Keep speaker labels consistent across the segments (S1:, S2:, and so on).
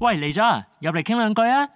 S1: 喂，嚟咗啊，入嚟傾兩句啊！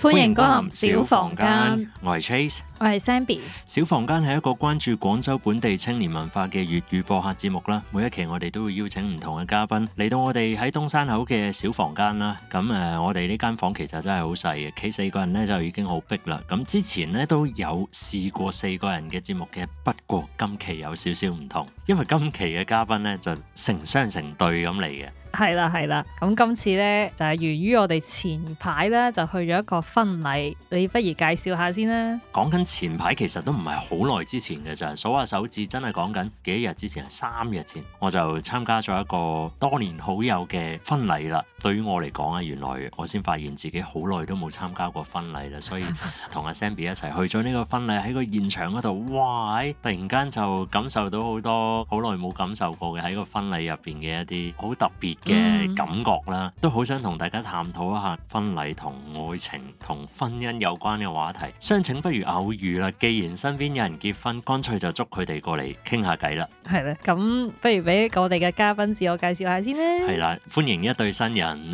S2: 歡迎光
S1: 臨小房間，我係 Trace，我係 Zenbi。小房間係一個關注廣州本地青年文化嘅粵語播客節目啦。每一期我哋都會邀請唔同嘅嘉賓嚟到我哋喺東山口嘅小房間啦。咁誒，我哋呢間房其實真係好細嘅，企四個人咧就已經好逼啦。咁之前咧都有試過四個人嘅節目嘅，不過今期有少少唔同，因為今期嘅嘉賓咧就成雙成對咁嚟嘅。
S2: 係啦，係啦。咁今次呢就係源於我哋前排呢就去咗一個婚禮，你不如介紹下先啦。
S1: 講緊前排，其實都唔係好耐之前嘅啫。數下手指，真係講緊幾多日之前，係三日前我就參加咗一個多年好友嘅婚禮啦。對於我嚟講啊，原來我先發現自己好耐都冇參加過婚禮啦。所以同阿 Sammy 一齊去咗呢個婚禮，喺個現場嗰度，哇！突然間就感受到好多好耐冇感受過嘅喺個婚禮入邊嘅一啲好特別，嘅感覺啦，都好想同大家探討一下婚禮同愛情同婚姻有關嘅話題。相請不如偶遇啦，既然身邊有人結婚，乾脆就捉佢哋過嚟傾下偈啦。
S2: 係啦，咁不如俾我哋嘅嘉賓自我介紹下先咧。係
S1: 啦，歡迎一對新人，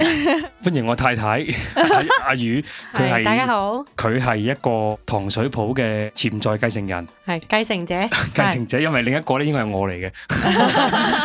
S1: 歡迎我
S3: 太太阿阿魚，佢係大家好，佢係一個糖水鋪嘅潛在繼承人，
S4: 係繼承者，繼承
S3: 者，因為另一個咧應該係我嚟嘅，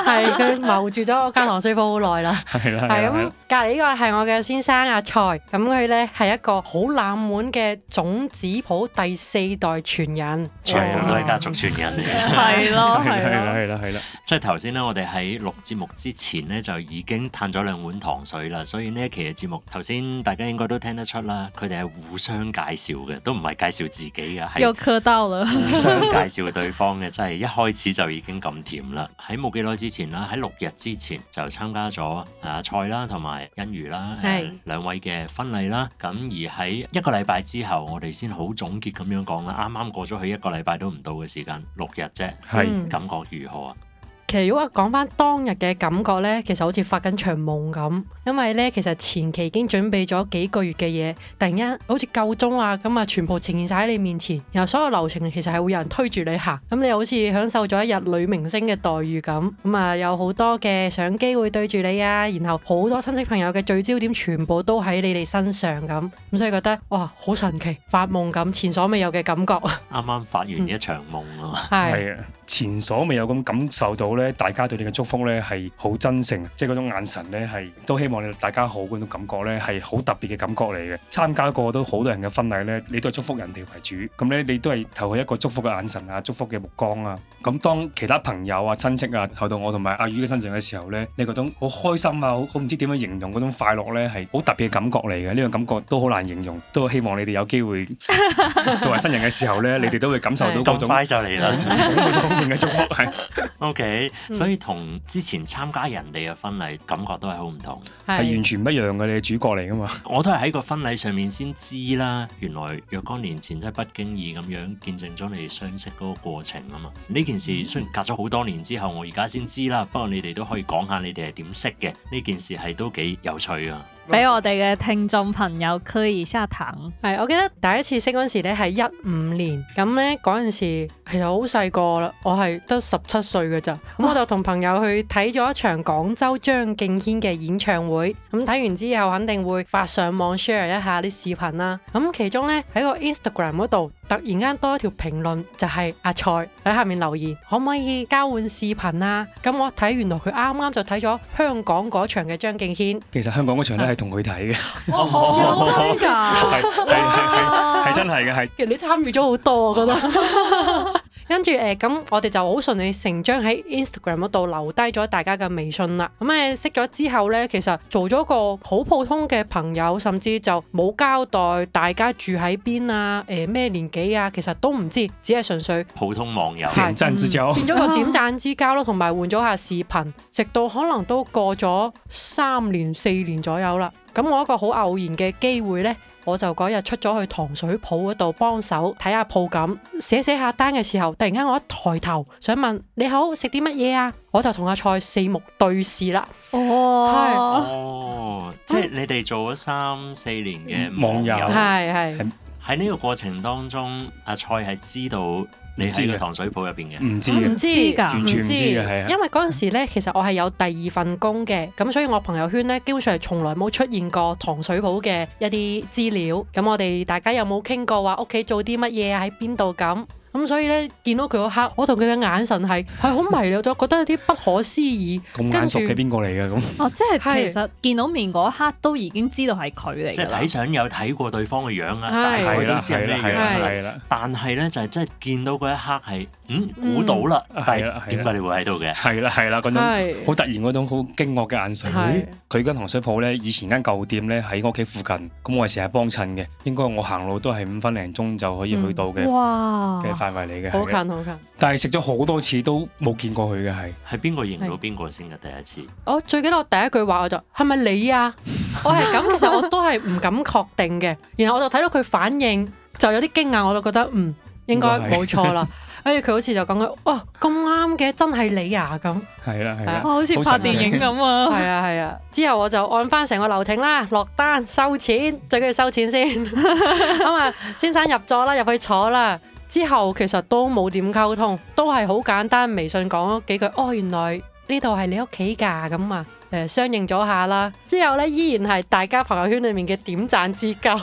S4: 係佢謀住咗我間糖水鋪好耐。啦，係啦，係咁隔籬，呢個係我嘅先生阿蔡，咁佢咧係一個好冷門嘅種子譜第四代傳人，全部都係家族
S1: 傳人嚟。係咯，係啦，係啦，係啦，即係頭先咧，我哋喺錄節目之前咧就已經嘆咗兩碗糖水啦，所以呢一期嘅節目，頭先大家應該都聽得出啦，佢哋係互相介紹嘅，都唔係介紹自己嘅，又
S2: 磕到了，互相介
S1: 紹嘅對方嘅，真係一開始就已經咁甜啦。喺冇幾耐之前啦，喺六日之前就參加咗。啊蔡啦，同埋欣如啦，啊、兩位嘅婚禮啦，咁是而喺一個禮拜之後，我哋先好總結咁樣講啦。啱啱過咗去一個禮拜都唔到嘅時間，六日啫，係是感覺如何啊？
S4: 其實如果講翻當日嘅感覺呢，其實好似發緊場夢咁，因為呢，其實前期已經準備咗幾個月嘅嘢，突然間好似夠鐘啊，咁啊全部呈現晒喺你面前，然後所有流程其實係會有人推住你行，咁你又好似享受咗一日女明星嘅待遇咁，咁啊有好多嘅相機會對住你啊，然後好多親戚朋友嘅聚焦點全部都喺你哋身上咁，咁所以覺得哇好神奇，發夢咁，前所未有嘅感覺。
S1: 啱啱發完一場夢啊！
S4: 係啊、嗯、
S3: ～ 前所未有咁感受到咧，大家對你嘅祝福咧係好真誠，即係嗰種眼神咧係都希望你大家好嗰種感覺咧係好特別嘅感覺嚟嘅。參加過都好多人嘅婚禮咧，你都係祝福人哋為主，咁咧你都係投去一個祝福嘅眼神啊，祝福嘅目光啊。咁當其他朋友啊、親戚啊投到我同埋阿魚嘅身上嘅時候咧，你嗰種好開心啊，好唔知點樣形容嗰種快樂咧，係好特別嘅感覺嚟嘅。呢個感覺都好難形容，都希望你哋有機會
S4: 作為新
S3: 人嘅時候咧，你哋
S1: 都會感受到嗰種 咁快就嚟啦～ 祝福係 OK，嗯、所以同之前參加人哋嘅婚禮感覺都係好唔同，係完全唔一樣嘅。你係主角嚟噶嘛？ 我都係喺個婚禮上面先知啦，原來若干年前真係不經意咁樣見證咗你哋相識嗰個過程啊嘛。呢件事雖然隔咗好多年之後，我而家先知啦，不過你哋都可以講下你哋係點識嘅呢件事，係都幾有趣啊！
S2: 俾我哋嘅聽眾朋友嗑一下糖。我記得第一次識嗰時咧係一五年，
S4: 咁咧嗰陣時其實好細個啦，我係得十七歲嘅咋，咁、啊、我就同朋友去睇咗一場廣州張敬軒嘅演唱會，咁睇完之後肯定會發上網 share 一下啲視頻啦，咁其中咧喺個 Instagram 嗰度突然間多一條評論就係、是、阿蔡。喺下面留言，可唔可以交換視頻啊？咁我睇，原來佢啱啱就睇咗香港嗰場嘅張敬軒。
S3: 其實香港嗰場咧係同佢睇
S1: 嘅，哦， 哦真㗎，係係
S3: 係係真係嘅係。
S4: 其實你參與咗好多，我覺得。 跟住誒，咁、呃、我哋就好順理成章喺 Instagram 嗰度留低咗大家嘅微信啦。咁、嗯、誒識咗之後呢，其實做咗個好普通嘅朋友，甚至就冇交代大家住喺邊啊，誒、呃、咩年紀啊，其實都唔知，只係純粹普通網友、嗯、點讚之交， 變咗個點讚之交咯。同埋換咗下視頻，直到可能都過咗三年四年左右啦。咁我一個好偶然嘅機會呢。我就嗰日出咗去糖水鋪嗰度幫手睇下鋪咁，寫寫下單嘅時候，突然間我一抬頭想問你好食啲乜嘢啊，我就同阿蔡四目對視啦。
S2: 哦，係，哦，
S1: 即係你哋做咗三四、啊、年嘅網友，係係喺呢個過程當中，阿蔡係知道。知你知嘅糖水鋪入邊嘅？唔知嘅，完全唔知㗎，唔知，因為
S4: 嗰陣時咧，嗯，其實我係有第二份工嘅，咁所以我朋友圈咧基本上係從來冇出現過糖水鋪嘅一啲資料。咁我哋大家有冇傾過話屋企做啲乜嘢喺邊度咁？咁所以咧，見到佢嗰刻，我同佢嘅眼神係係好迷了咗，覺得有啲不可思議。咁眼熟嘅
S1: 邊個嚟嘅咁？
S2: 哦，即係其實見到面嗰一刻都已經知道係佢嚟。即係睇
S1: 相有睇過對方嘅樣啦，大家都知係咩嘅啦。但係咧就係真係見到嗰一刻係，嗯，估到啦。係啦，點解你會喺度嘅？係啦係啦，嗰種好
S3: 突然嗰種好驚愕嘅眼神。佢間糖水鋪咧，以前間舊店咧喺屋企附近，咁我係成日幫襯嘅，應該我行路都係五分零鐘就可以去到嘅。哇！範圍嚟嘅，好近好近，但係食咗好多次都冇見過佢嘅。係，係邊個認到
S1: 邊個先嘅第一次？
S4: 我最記得我第一句話我就係咪你啊？我係咁，其實我都係唔敢確定嘅。然後我就睇到佢反應就有啲驚訝，我就覺得嗯，應該冇錯啦。跟住，佢好似就講佢，哇咁啱嘅，真係你啊咁。係啦係啦，哇，好似拍電影咁啊！係啊係啊，之後我就按翻成個流程啦，落單收錢，最緊要收錢先。咁啊，先生入座啦，入去坐啦。之後其實都冇點溝通，都係好簡單，微信講幾句哦，原來呢度係你屋企噶咁啊，誒、呃，相認咗下啦。之後呢，依然係大家朋友圈裏面嘅點讚之交。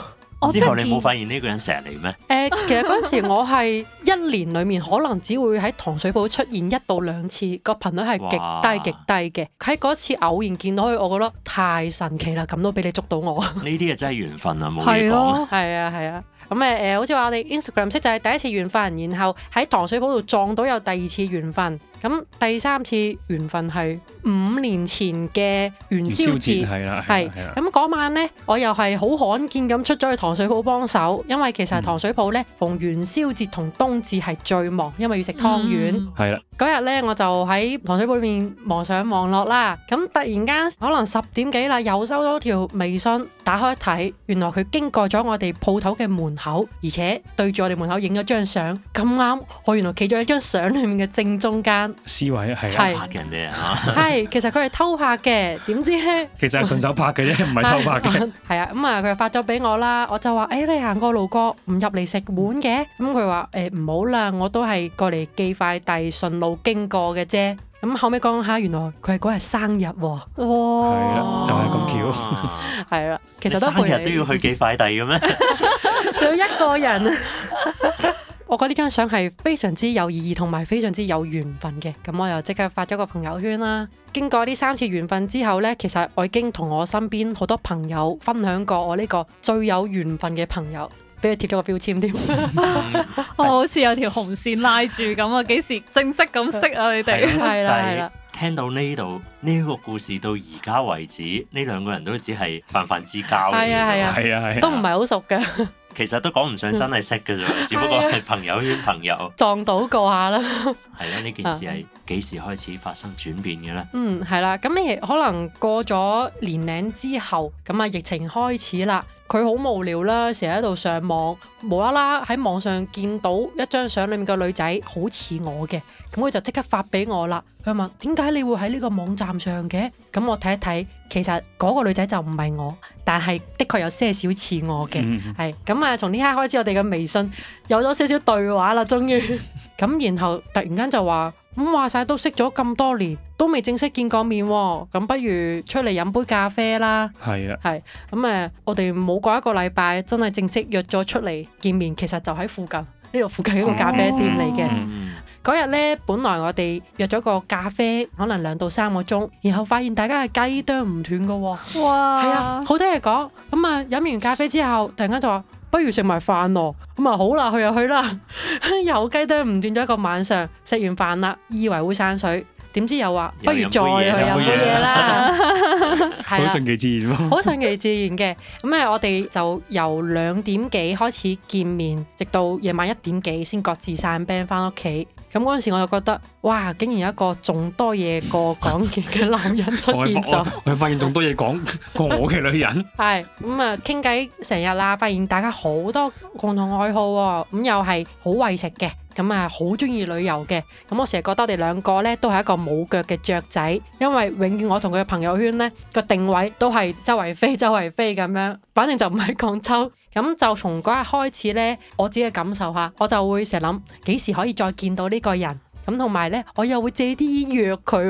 S4: 之後你冇發
S1: 現呢個人成日嚟咩？誒 、
S4: 呃，其實嗰時我係一年裏面可能只會喺糖水鋪出現一到兩次，個頻率係極低極低嘅。喺嗰哇次偶然見到佢，我覺得太神奇啦！咁都俾你捉到我，呢
S1: 啲啊真係緣分啊，冇嘢講。
S4: 係啊係啊。咁誒、嗯呃、好似話我哋 Instagram 識，就係第一次緣分，然後喺糖水鋪度撞到有第二次緣分。咁第三次緣分係五年前嘅元宵節，係啦，係咁、啊啊啊、嗰晚咧，我又係好罕見咁出咗去糖水鋪幫手，因為其實糖水鋪咧、嗯、逢元宵節同冬至係最忙，因為要食湯圓係啦，嗰日咧我就喺糖水鋪裏面忙上忙落啦，咁突然間可能十點幾啦，又收到條微信，打開一睇，原來佢經過咗我哋鋪頭嘅門口，而且對住我哋門口影咗張相。咁啱，我原來企咗喺一張相裏面嘅正中間。
S3: 思維係偷拍嘅人啫吓，係
S4: 其實佢係偷拍嘅，點知咧？
S3: 其實係順手拍嘅啫，唔係偷拍嘅。
S4: 係啊，咁啊，佢又發咗俾我啦，我就話誒，hey, 你行過路過唔入嚟食碗嘅，咁佢話誒唔好啦，我都係過嚟寄快遞順路經過嘅啫。咁、啊、後尾講下，原來佢係嗰日生日，欸，
S2: 哇！
S4: 係
S1: 啊，就係、係、咁巧，
S4: 係 啦， 其實都生日都要去寄快遞嘅咩？仲 要 一個人。我覺得呢張相係非常之有意義同埋非常之有緣分嘅，咁我又即刻發咗個朋友圈啦。經過呢三次緣分之後呢，其實我已經同我身邊好多朋友分享過我呢個最有緣分嘅朋友，俾佢貼咗個標籤添。嗯、
S2: 我好似有條紅線拉住咁啊！嗯、幾時正式咁識啊？你哋係啦，
S1: 聽到呢度呢個故事到而家為止，呢兩個人都只係泛泛之交，係啊係啊係啊，都唔
S4: 係好熟嘅。
S1: 其實都講唔上真係識嘅啫，嗯、只不過係朋友圈朋友
S4: 撞到過下啦。
S1: 係 啦，呢件事係幾時開始發生轉變嘅咧？
S4: 嗯，係啦，咁亦可能過咗年零之後，咁啊疫情開始啦。佢好無聊啦，成日喺度上網，無啦啦喺網上見到一張相裡面嘅女仔好似我嘅，咁佢就即刻發俾我啦。佢問：點解你會喺呢個網站上嘅？咁我睇一睇，其實嗰個女仔就唔係我，但係的確有些少似我嘅。係咁啊，從呢刻開始，我哋嘅微信有咗少少對話啦，終於。咁然後突然間就話。咁話晒都識咗咁多年，都未正式見過面，哦，咁不如出嚟飲杯咖啡啦。係啊是的，係。咁誒，我哋冇過一個禮拜，真係正式約咗出嚟見面，其實就喺附近呢度，附近一個咖啡店嚟嘅。嗰日、哦、呢，本來我哋約咗個咖啡，可能兩到三個鐘，然後發現大家係雞啄唔斷噶。哇！係啊，好多嘢講。咁啊，飲完咖啡之後，突然間就話。不如食埋飯咯，咁啊好啦，去就去啦，又 雞啄唔斷咗一個晚上，食完飯啦，以為會散水，點知又話不如再去飲杯嘢啦，好 順其自然咯，好順其自然嘅，咁誒我哋就由兩點幾開始見面， 直到夜晚一點幾先各自散 band 翻屋企。咁嗰陣時我就覺得，哇！竟然有一個仲多嘢過講嘅男人出現咗 ，
S3: 我發現仲多嘢講過我嘅女人。
S4: 係咁啊，傾偈成日啦，發現大家好多共同愛好，咁、嗯、又係好為食嘅，咁啊好中意旅遊嘅。咁、嗯、我成日覺得我哋兩個咧都係一個冇腳嘅雀仔，因為永遠我同佢嘅朋友圈咧個定位都係周圍飛周圍飛咁樣，反正就唔係廣州。咁就從嗰日開始咧，我自己嘅感受下，我就會成日諗幾時可以再見到呢個人，咁同埋咧，我又會借啲藥佢。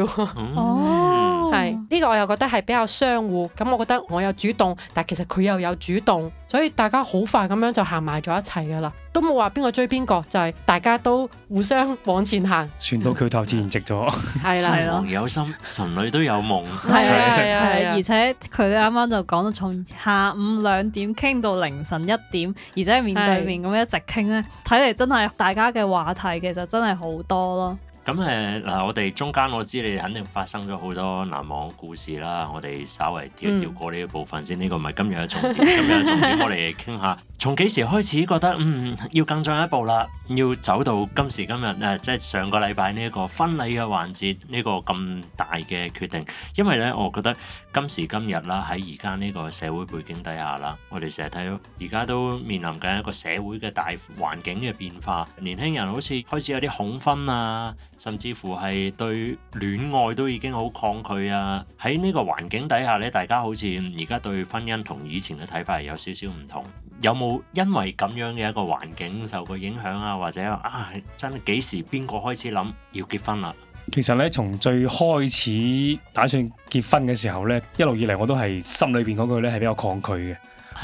S4: 哦，係 呢、oh. 呢個我又覺得係比較相互，咁我覺得我有主動，但其實佢又有主動。所以大家好快咁樣就行埋咗一齊噶啦，都冇話邊個追邊個，就係、是、大家都互相往前行。
S1: 船到橋頭自然直咗。係啦，係咯。有心神女都有夢。係啊
S2: 係啊，啊啊啊啊啊而且佢啱啱就講到從下午兩點傾到凌晨一點，而且面對面咁一直傾咧，睇嚟是真係大家嘅話題其實真係好多咯。
S1: 咁誒嗱，我哋中間我知道你肯定發生咗好多難忘故事啦，我哋稍微跳一跳過呢個部分、嗯、先，呢個唔係今日嘅重點， 今日嘅重點我哋嚟傾下。從幾時開始覺得嗯，要更進一步啦？要走到今時今日誒、啊，即係上個禮拜呢一個婚禮嘅環節呢、呢個咁大嘅決定，因為呢，我覺得今時今日啦，喺而家呢個社會背景底下啦，我哋成日睇到而家都面臨緊一個社會嘅大環境嘅變化。年輕人好似開始有啲恐婚啊，甚至乎係對戀愛都已經好抗拒啊。喺呢個環境底下呢，大家好似而家對婚姻同以前嘅睇法係有少少唔同。有冇因為咁樣嘅一個環境受過影響啊？或者啊，真係幾時邊個開始諗要結婚啦、
S3: 啊？其實咧，從最開始打算結婚嘅時候咧，一路以嚟我都係心裏邊嗰句咧係比較抗拒嘅。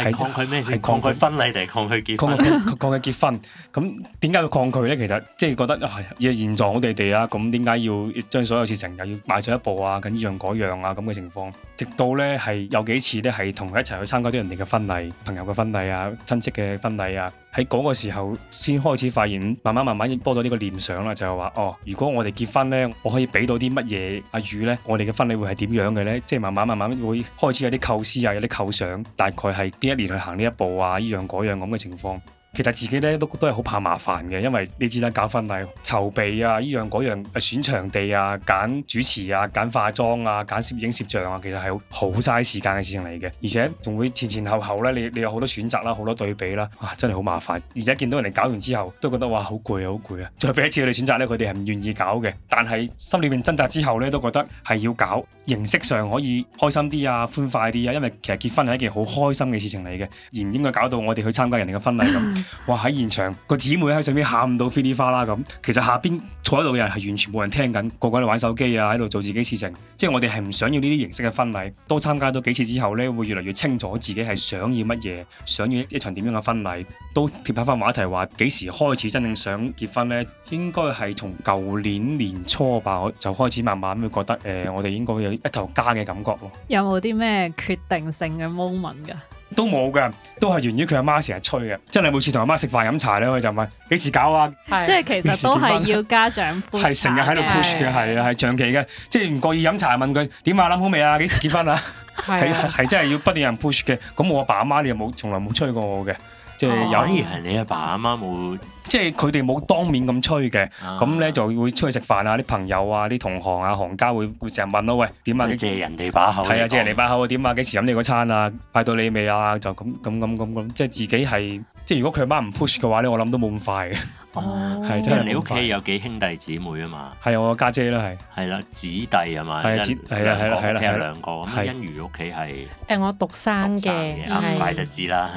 S3: 係抗拒咩先？係抗拒婚
S1: 禮定係抗拒結婚？
S3: 婚？抗拒結婚？咁點解要抗拒呢？其實即係覺得啊，現現狀好地地啦。咁點解要將所有事情又要邁出一步啊？咁依樣嗰樣啊咁嘅情況，直到呢係有幾次呢係同佢一齊去參加啲人哋嘅婚禮、朋友嘅婚禮啊、親戚嘅婚禮啊。喺嗰個時候先開始發現，慢慢慢慢已經多咗呢個念想啦，就係話哦，如果我哋結婚呢，我可以俾到啲乜嘢阿魚呢，我哋嘅婚禮會係點樣嘅呢？即係慢慢慢慢會開始有啲構思啊，有啲構想，大概係邊一年去行呢一步啊？依樣嗰樣咁嘅情況。其實自己都都係好怕麻煩嘅，因為你知啦搞婚禮籌備啊，依樣嗰樣啊，選場地啊，揀主持啊，揀化妝啊，揀攝影攝、啊、攝、攝像啊，其實係好嘥時間嘅事情嚟嘅，而且仲會前前後後咧，你有好多選擇啦，好多對比啦，哇、啊，真係好麻煩，而且見到人哋搞完之後，都覺得哇好攰好攰啊！再俾一次佢哋選擇咧，佢哋係唔願意搞嘅，但係心裏面掙扎之後呢，都覺得係要搞，形式上可以開心啲啊，歡快啲啊，因為其實結婚係一件好開心嘅事情嚟嘅，而唔應該搞到我哋去參加人哋嘅婚禮咁。 哇！喺現場，個姊妹喺上邊喊到飛利花啦咁，其實下邊坐喺度嘅人係完全冇人聽緊，個個喺度玩手機啊，喺度做自己事情。即係我哋係唔想要呢啲形式嘅婚禮。多參加咗幾次之後咧，會越嚟越清楚自己係想要乜嘢，想要一場點樣嘅婚禮。都貼返翻話題話，幾時開始真正想結婚咧？應該係從舊年年初吧，我就開始慢慢會覺得誒、呃，我哋應該會有一頭家嘅感覺喎。
S2: 有冇啲咩決定性嘅 moment 噶？
S3: 都冇嘅，都係源於佢阿媽成日催嘅。真係每次同阿媽食飯飲茶咧，佢就問幾時搞啊？即
S2: 係其實都係要家長 p u 係成日喺度 push 嘅，係
S3: 啊，係長期嘅，即係唔故意飲茶問佢點啊？諗好未啊？幾時結婚啊？係真係要不斷有人 push 嘅。咁我阿爸阿媽又冇從來冇催過我嘅，即係反而係你阿爸阿媽冇。即係佢哋冇當面咁催嘅，咁咧、啊、就會出去食飯啊，啲朋友啊、啲同、啊、同行啊、行家會會成日問咯，喂點啊？借人哋把口，睇下、啊、借人哋把口點啊？幾時飲你嗰餐啊？拜到你未啊？就咁咁咁咁咁，即係自己係即係如果佢媽唔 push 嘅話咧，我諗都冇咁快嘅。
S1: 哦，因為你屋企有幾兄弟姊妹啊嘛？係我家姐啦，係係啦，姊弟啊嘛？係啊，係啊，係啦，係啦，係兩個咁。欣如屋企係
S4: 誒，我獨生嘅，啱曬就知啦。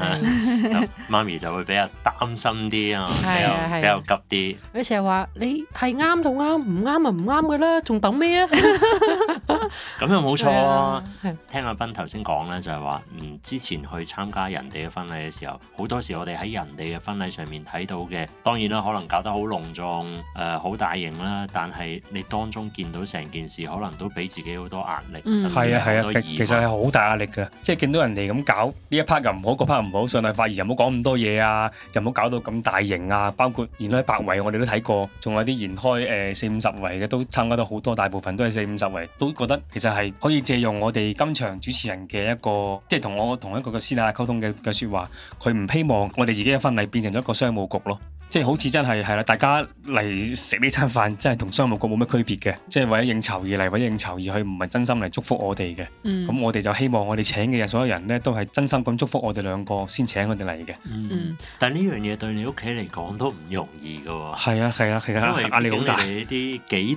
S1: 媽咪就會比較擔心啲啊，比較比較急啲。
S4: 佢成日話你係啱就啱，唔啱啊唔啱嘅啦，仲等咩啊？
S1: 咁又冇錯，聽阿斌頭先講咧，就係話嗯，之前去參加人哋嘅婚禮嘅時候，好多時我哋喺人哋嘅婚禮上面睇到嘅，當然啦。可能搞得好隆重，誒、呃、好大型啦，但係你當中見到成件事，可能都俾自己好多壓力，嗯、甚至好多、啊、其實係好大壓力嘅，即係見到人哋咁搞呢一 part 又唔
S3: 好，嗰 part 唔好，上嚟發言又唔好講咁多嘢啊，又唔好搞到咁大型啊。包括延開百圍，我哋都睇過，仲有啲延開誒四五十圍嘅都參加到好多，大部分都係四五十圍，都覺得其實係可以借用我哋今場主持人嘅一個，即係同我同一個嘅師奶溝通嘅嘅説話，佢唔希望我哋自己嘅婚禮變成咗一個商務局咯。即係好似真係係啦，大家嚟食呢餐飯，真係同商務局冇乜區別嘅，即係為咗應酬而嚟，為咗應酬而去，唔係真心嚟祝福我哋嘅。咁、嗯、我哋就希望我哋請嘅所有人咧都係真心咁祝福我哋
S1: 兩個先請佢哋嚟嘅。嗯、但係呢樣嘢對你屋企嚟講都唔容易嘅喎。係啊，係啊，係啊，啊因。因為壓力好大，你哋呢啲幾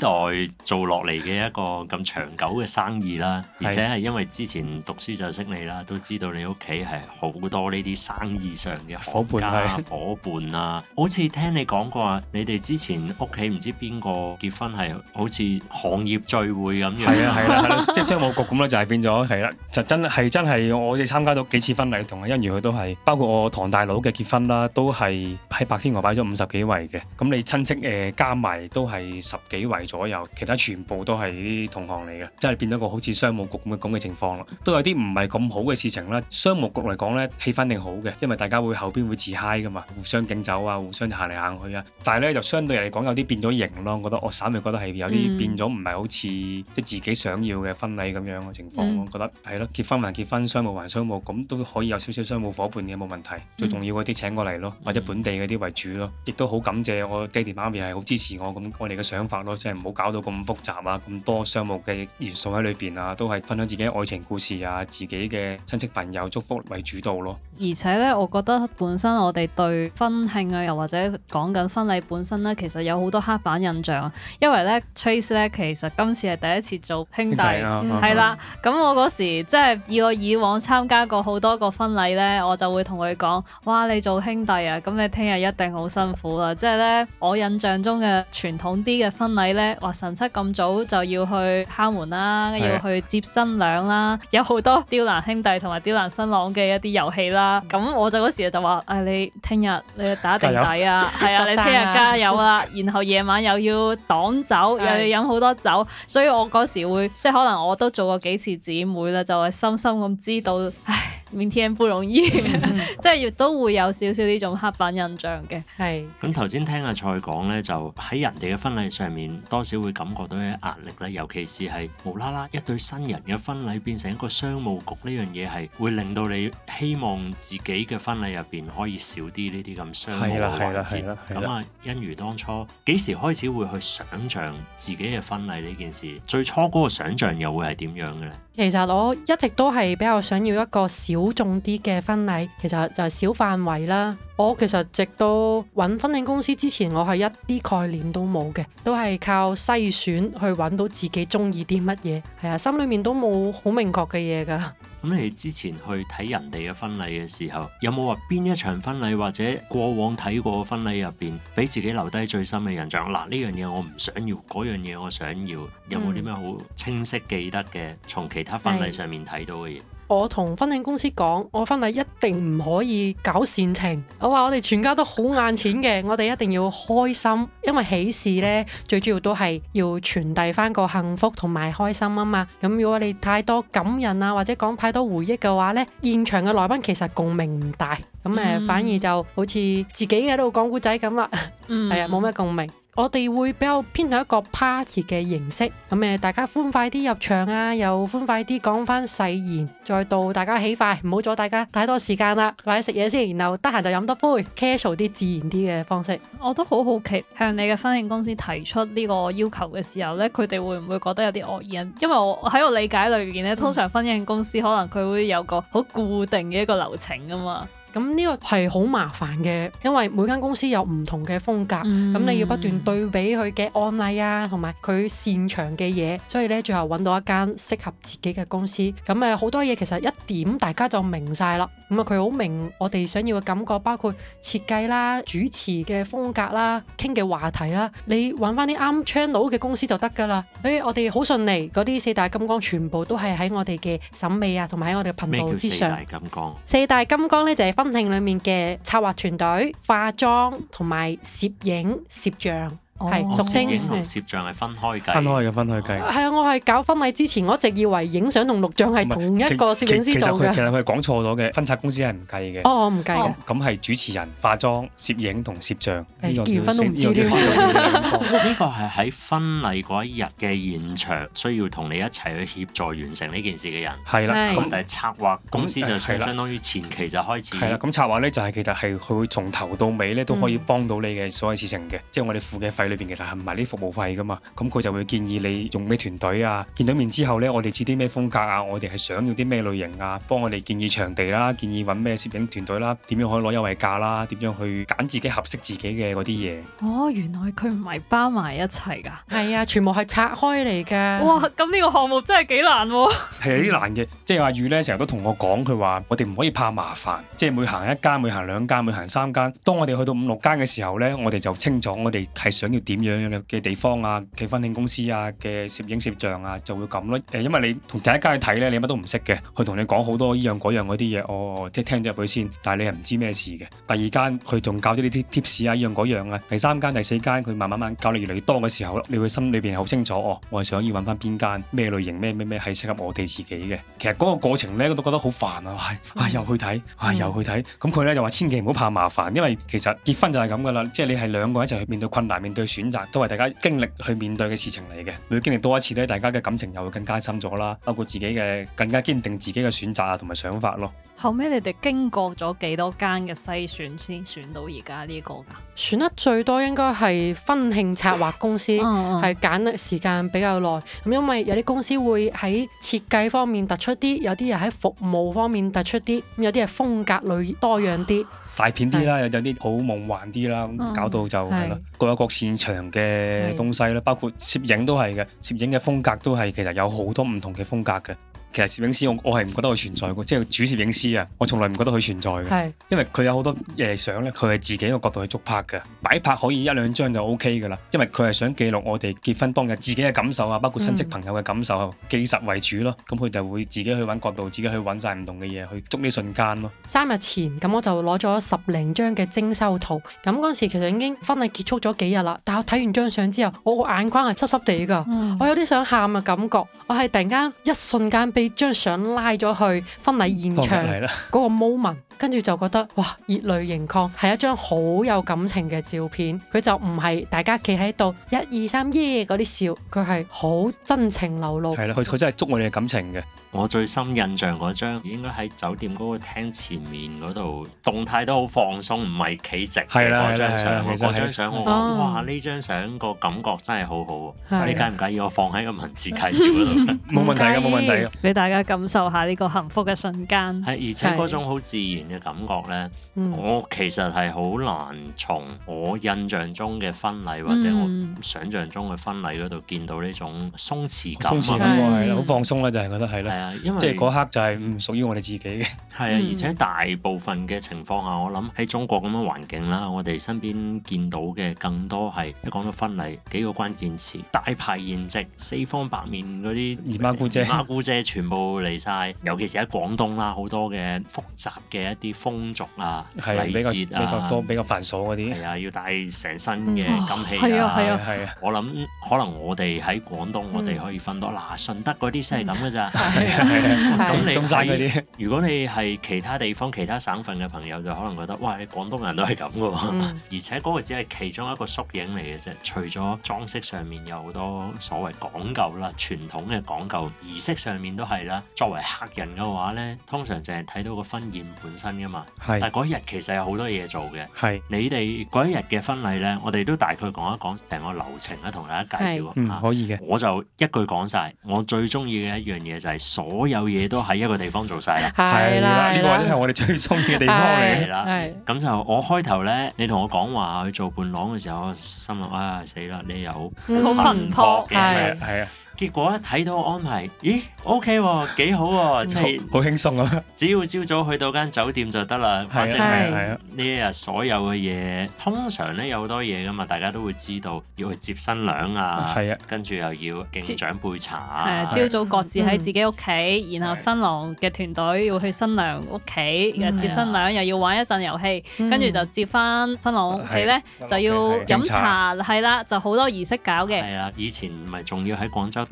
S1: 代做落嚟嘅一個咁長久嘅生意啦， 是而且係因為之前讀書就識你啦，都知道你屋企係好多呢啲生意上嘅伙伴啦，夥伴啊，聽你講過啊，你哋之前屋企唔知邊個結婚係好似行業聚會咁樣，係啊係啦，即係、啊啊就
S3: 是、商務局咁啦，就係、是、變咗係啦，就真係真係我哋參加咗幾次婚禮，同阿欣如佢都係，包括我堂大佬嘅結婚啦，都係喺白天鵝擺咗五十幾位嘅，咁你親戚誒、呃、加埋都係十幾位左右，其他全部都係呢同行嚟嘅，即、就、係、是、變咗一個好似商務局咁嘅咁嘅情況咯，都有啲唔係咁好嘅事情啦。商務局嚟講咧氣氛定好嘅，因為大家會後邊會自嗨 i 噶嘛，互相敬酒啊，互相、啊。行嚟行去啊，但係咧就相對嚟講有啲變咗型咯，我覺得我稍微覺得係有啲變咗，唔係好似即係自己想要嘅婚禮咁樣嘅情況咯。嗯、覺得係咯，結婚還結婚，商務還商務，咁都可以有少少商務夥伴嘅冇問題、嗯、最重要嗰啲請過嚟咯，嗯、或者本地嗰啲為主咯，亦都好感謝我爹哋媽咪係好支持我咁我哋嘅想法咯，即係唔好搞到咁複雜啊，咁多商務嘅元素喺裏邊啊，都係分享自己嘅愛情故事啊，自己嘅親戚朋友祝福為主導咯。
S2: 而且咧，我覺得本身我哋對婚慶啊，又或者講緊婚禮本身咧，其實有好多刻板印象，因為咧 Trace 咧，其實今次係第一次做兄弟，係、啊、 啦。咁我嗰時即係以我以往參加過好多個婚禮咧，我就會同佢講：哇，你做兄弟啊，咁你聽日一定好辛苦啦、啊。即係咧，我印象中嘅傳統啲嘅婚禮咧，話神七咁早就要去敲門啦，要去接新娘啦，的有好多刁難兄弟同埋刁難新郎嘅一啲遊戲啦。咁我就嗰時就話：誒、哎，你聽日你打定底啊！係 啊，你聽日加油啦！ 然後夜晚又要擋酒， 又要飲好多酒，是所以我嗰時會即係可能我都做過幾次姊妹啦，就係深深咁知道，唉。明天不容易，嗯、即係亦都會有少少呢種刻板印象嘅。係是。
S1: 咁頭先聽阿蔡講呢，就喺人哋嘅婚禮上面，多少會感覺到一啲壓力咧，尤其是係無啦啦一對新人嘅婚禮變成一個商務局呢樣嘢，係會令到你希望自己嘅婚禮入邊可以少啲呢啲咁商務嘅環節。咁啊，欣如當初幾時開始會去想像自己嘅婚禮呢件事？最初嗰個想像又會係點樣嘅呢？
S4: 其實我一直都係比較想要一個小眾啲嘅婚禮，其實就係小範圍啦。我其實直到揾婚慶公司之前，我係一啲概念都冇嘅，都係靠篩選去揾到自己中意啲乜嘢，係啊，心裡面都冇好明確嘅嘢㗎。
S1: 咁、嗯、你之前去睇人哋嘅婚禮嘅時候，有冇話邊一場婚禮或者過往睇過嘅婚禮入邊，俾自己留低最深嘅印象？嗱、啊，呢樣嘢我唔想要，嗰樣嘢我想要，有冇啲咩好清晰記得嘅？從、嗯、其他婚禮上面睇到嘅嘢？
S4: 我同婚慶公司講，我婚禮一定唔可以搞煽情。我話我哋全家都好眼淺嘅，我哋一定要開心，因為喜事呢最主要都係要傳遞翻個幸福同埋開心啊嘛。咁如果你太多感人啊，或者講太多回憶嘅話呢，現場嘅來賓其實共鳴唔大，咁誒、呃嗯、反而就好似自己喺度講古仔咁啦。 嗯，係啊，冇咩共鳴。我哋會比較偏向一個 party 嘅形式，咁誒大家歡快啲入場啊，又歡快啲講翻誓言，再到大家起筷，唔好阻大家太多時間啦，
S2: 或者食嘢先，然後得閒就飲多杯，casual 啲、自然啲嘅方式。我都好好奇，向你嘅婚慶公司提出呢個要求嘅時候呢，佢哋會唔會覺得有啲惡意？因為，我喺我理解裏邊呢，通常婚慶公司可能佢會有個好固定嘅一個流程啊嘛。
S4: 咁呢個係好麻煩嘅，因為每間公司有唔同嘅風格，咁、嗯、你要不斷對比佢嘅案例啊，同埋佢擅長嘅嘢，所以呢，最後揾到一間適合自己嘅公司。咁誒好多嘢其實一點大家就明晒啦。咁啊佢好明我哋想要嘅感覺，包括設計啦、主持嘅風格啦、傾嘅話題啦。你揾翻啲啱 channel 嘅公司就得㗎啦。所以我哋好順利，嗰啲四大金剛全部都係喺我哋嘅審美啊，同埋喺我哋嘅頻道之上。四大金剛，四大金剛呢，就係、是。婚慶裏面嘅策劃團隊、化妝同埋攝影、攝像。係，攝影同
S1: 攝像係分開計，分開嘅分開計。
S4: 係啊，我係搞婚禮之前，我一直以為影相同錄像係同一個攝影師做嘅。其實其
S3: 實佢講錯咗嘅，分拆公司係唔計嘅。哦，我唔
S4: 計嘅。
S1: 咁係主持人、化妝、攝影同攝像。
S3: 係結婚都唔知
S1: 添。呢個係喺婚禮嗰一日嘅現場，需要同你一齊去協助完成呢件事嘅人。係啦。咁但係策劃公司就係相當於前期就開始。係啦。咁
S3: 策劃咧就係其實係佢會從頭到尾咧都可以幫到你嘅所有事情嘅，即係我哋付嘅費。裏邊其實係唔係啲服務費噶嘛，咁佢就會建議你用咩團隊啊，見到面之後呢，我哋設啲咩風格啊，我哋係想要啲咩類型啊，幫我哋建議場地啦、啊，建議揾咩攝影團隊啦，點樣可以攞優惠價啦，點樣去揀自己合適自己嘅嗰啲嘢。
S2: 哦，原來
S4: 佢唔係包埋一齊噶。係啊，全部係拆開嚟嘅。哇，
S2: 咁呢個項目真係幾難、啊。
S3: 係幾難嘅、啊， 即係阿魚呢，成日都同我講，佢話我哋唔可以怕麻煩，即係每行一間，每行兩間，每行三間，當我哋去到五六間嘅時候呢，我哋就清楚我哋係想要點樣嘅地方啊？嘅婚慶公司啊，嘅攝影攝像啊，就會咁咯。誒，因為你同第一間去睇咧，你乜都唔識嘅，佢同你講好多呢樣嗰樣嗰啲嘢，哦，即係聽咗入去先。但係你係唔知咩事嘅。第二間佢仲教啲呢啲 tips 啊，呢樣嗰樣啊。第三間第四間佢慢慢慢慢教你越嚟越多嘅時候咯，你會心裏邊好清楚哦。我係想要揾返邊間咩類型咩咩咩係適合我哋自己嘅。其實嗰個過程咧，我都覺得好煩啊！啊、哎，又去睇，啊、哎，又去睇。咁佢咧就話：千祈唔好怕麻煩，因為其實結婚就係咁噶啦，即係你係兩個一齊去面對困難，面對。去選擇都係大家經歷去面對嘅事情嚟嘅，每經歷多一次咧，大家嘅感情又會更加深咗啦，包括自己嘅更加堅定自己嘅選擇啊，同埋想法咯。
S2: 後尾你哋經過咗幾多間嘅篩選先選到而家呢個㗎？
S4: 選得最多應該係婚慶策劃公司，係揀得時間比較耐，咁因為有啲公司會喺設計方面突出啲，有啲又喺服務方面突出啲，咁有啲係風格類多樣啲。
S3: 大片啲啦，是有有啲好夢幻啲啦，嗯、搞到就係咯，是各有各擅長嘅東西啦，是包括攝影都係嘅，攝影嘅風格都係其實有好多唔同嘅風格嘅。其實攝影師我我係唔覺得佢存在嘅，即係主攝影師啊，我從來唔覺得佢存在嘅，是因為佢有好多誒相咧，佢係自己個角度去捉拍嘅，擺拍可以一兩張就 O K 嘅啦，因為佢係想記錄我哋結婚當日自己嘅感受啊，包括親戚朋友嘅感受，紀、嗯、實為主咯，咁佢就會自己去揾角度，自己去揾曬唔同嘅嘢去捉呢瞬間咯。
S4: 三日前咁我就攞咗十零張嘅精修圖，咁嗰陣時其實已經婚禮結束咗幾日啦，但我睇完張相之後，我個眼眶係濕濕地㗎，嗯、我有啲想喊嘅感覺，我係突然間一瞬間被你將相拉咗去婚禮現場嗰個 moment。跟住就覺得哇，熱淚盈眶，係一張好有感情嘅照片。佢就唔係大家企喺度一二三耶嗰啲笑，佢係好真情流露。係啦，佢佢
S1: 真係捉我哋嘅感情嘅。我最深印象嗰張應該喺酒店嗰個廳前面嗰度，動態都好放鬆，唔係企直嘅嗰張相。嗰張相我講、哦、哇，呢張相個感覺真係好好的你介唔介意我放喺個文字介紹嗰度冇？ 問題嘅，冇問題嘅。
S2: 俾 大家感受下呢個幸福嘅瞬間。係，而且嗰種
S1: 好自然。嘅感覺咧，嗯、我其實係好難從我印象中嘅婚禮或者、嗯、我想象中嘅婚禮嗰度見到呢種鬆弛感啊！鬆弛感覺係啦，好放鬆啦，就係覺得係啦，即係嗰刻就係唔屬於我哋自己嘅。係啊、嗯，而且大部分嘅情況下，我諗喺中國咁嘅環境啦，我哋身邊見到嘅更多係一講到婚禮幾個關鍵詞：大排筵席、四方八面嗰啲姨媽姑姐、姨媽姑姐全部嚟晒，尤其是喺廣東啦、啊，好多嘅複雜嘅，啲風俗啊，禮節啊比，比較多比較繁瑣嗰啲，係啊，要帶成身嘅金器啊，係、哦、啊，係啊，我諗可能我哋喺廣東，我哋可以多分到嗱、嗯啊，順德嗰啲先係咁嘅咋，係、嗯、 啊，係 啊，中山嗰啲。如果你係其他地方、其他省份嘅朋友，就可能覺得哇，你廣東人都係咁嘅喎，嗯、而且嗰個只係其中一個縮影嚟嘅啫。除咗裝飾上面有好多所謂講究啦，傳統嘅講究，儀式上面都係啦。作為客人嘅話咧，通常淨係睇到個婚宴本新噶嘛，係，但係嗰日其實有好多嘢做嘅，係。你哋嗰一日嘅婚禮咧，我哋都大概講一講成個流程啦，同大家介紹啊，嗯，可以嘅。我就一句講晒，我最中意嘅一樣嘢就係所有嘢都喺一個地方做晒啦，係啦，呢個都係我哋最中意嘅地方嚟啦。咁就我開頭咧，你同我講話去做伴郎嘅時候，我心諗啊，死啦，你又好貧瘠嘅，係啊。結果一睇到安排，咦？O K，幾好，即係好輕鬆啊！只要朝早去到間酒店就得啦，反正係啊，呢日所有嘅嘢，通常咧有好多嘢噶嘛，大家都會知道要去接新娘啊，係啊，跟住又要敬長輩茶啊，係啊，朝早各自喺
S2: 自己屋企，然後新郎嘅團隊要去新娘屋企，接新娘，又要玩一陣遊戲，跟住就接翻新郎屋企咧，就要飲茶，係啦，就好多儀式搞嘅。
S1: 係啊，以前咪仲要喺廣州。兜曬嗰啲，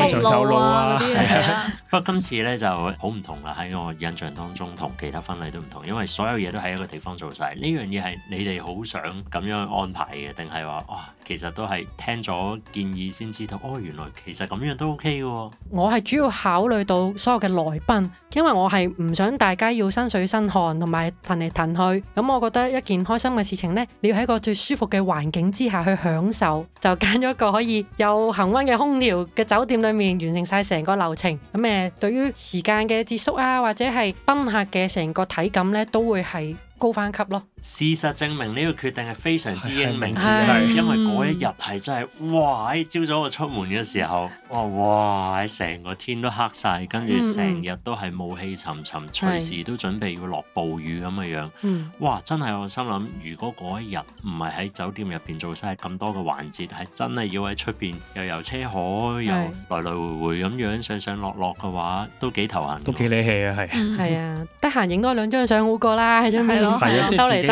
S1: 非常收攏啊！不過、啊、今次咧就好唔同啦，喺我印象當中同其他婚禮都唔同，因為所有嘢都喺一個地方做晒。呢樣嘢係你哋好想咁樣安排嘅，定係話啊？其實都係聽咗建議先知道，哦，原來其實咁樣都 OK 喎。
S4: 我係主要考慮到所有嘅來賓。因為我係唔想大家要身水身汗同埋騰嚟騰去，咁我覺得一件開心嘅事情呢，你要喺個最舒服嘅環境之下去享受，就揀咗一個可以有恆溫嘅空調嘅酒店裏面完成晒成個流程，咁誒，對於時間嘅節縮啊，或者係賓客嘅成個體感呢，都會係高翻級咯。
S1: 事實證明呢個決定係非常之英明智嘅，因為嗰一日係真係，哇！朝早我出門嘅時候，哇！哇！成個天都黑晒，跟住成日都係霧氣沉沉，隨時都準備要落暴雨咁嘅樣。的哇！真係我心諗，如果嗰一日唔係喺酒店入邊做晒咁多嘅環節，係真係要喺出邊又游車海，又來來回回咁樣上上落落嘅話，都幾頭痕，都幾理氣啊！係。
S3: 係啊
S4: 得閒影多兩張相好過啦，係咪先？係啊，即係自己。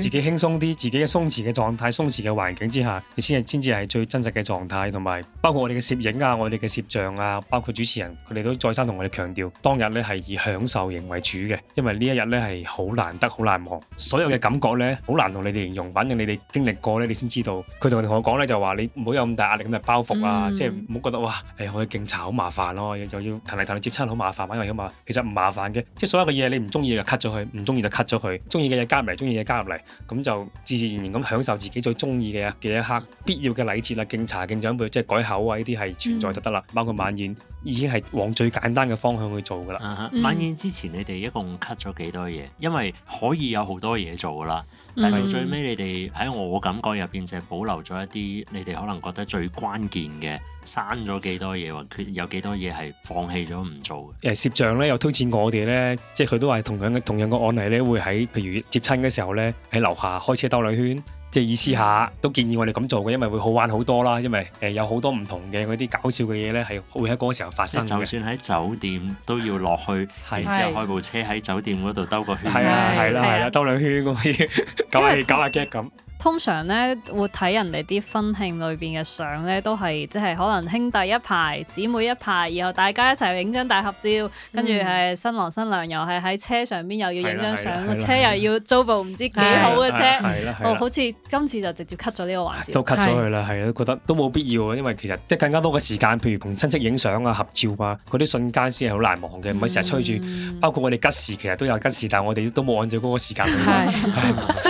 S3: 自己輕鬆啲，自己嘅鬆弛嘅狀態、鬆弛嘅環境之下，你先係先至係最真實嘅狀態，同埋包括我哋嘅攝影啊、我哋嘅攝像啊，包括主持人佢哋都再三同我哋強調，當日咧係以享受型為主嘅，因為呢一日咧係好難得好難忘，所有嘅感覺咧好難同你哋形容，反正你哋經歷過咧，你先知道。佢同同我講咧就話你唔好有咁大壓力咁嘅包袱啊，即係唔好覺得哇誒我哋警察好麻煩咯，又要騰嚟騰去接親好麻煩，因為起碼其實唔麻煩嘅，即係所有嘅嘢你唔中意就 cut 咗佢，唔中意就 cut 咗佢，中意嘅嘢加埋中。嘢加入嚟，咁就自自然然咁享受自己最中意嘅、嘅一刻，必要嘅禮節啦，敬茶、敬長輩，即係改口啊，呢啲係存在就得啦，嗯、包括晚宴。
S1: 已經係往最簡單嘅方向去做㗎啦。晚宴、uh huh. 嗯、之前，你哋一共 cut 咗幾多嘢？因為可以有好多嘢做㗎啦，
S2: 但係到最尾，
S1: 你哋喺我感覺入邊，就保留咗一啲你哋可能覺得最關鍵嘅。刪咗幾多嘢或缺有幾多嘢係放棄咗唔做嘅？
S3: 誒、嗯、攝像咧，又推薦過我哋咧，即係佢都話同樣嘅同樣嘅案例咧，會喺譬如接親嘅時候咧，喺樓下開車兜兩圈。即係意思下，都建議我哋咁做嘅，因為會好玩好多啦。因為誒、有好多唔同嘅嗰啲搞笑嘅嘢咧，係會喺嗰時候發
S1: 生。就算喺酒店都要落去，係，然之後開部車喺酒店嗰度兜個圈啊。係
S2: 啊係啦係啦，兜、啊
S1: 啊啊、兩圈咁、啊、樣，搞下，搞下 get 咁。
S2: 通常咧，會睇人哋啲婚慶裏邊嘅相咧，都係即係可能兄弟一排，姊妹一排，然後大家一齊影張大合照，跟住係新郎新娘又係喺車上邊又要影張相，個車又要租部唔知幾好嘅車。哦，好似今次就直接 cut 咗呢個環節。都 cut 咗佢
S3: 啦，係咯，覺得都冇必要啊，因為其實即係更加多嘅時間，譬如同親戚影相啊、合照啊，嗰啲瞬間先係好難忘嘅，唔係成日吹住。包括我哋吉時其實都有吉時，但係我哋都冇按照嗰個時間。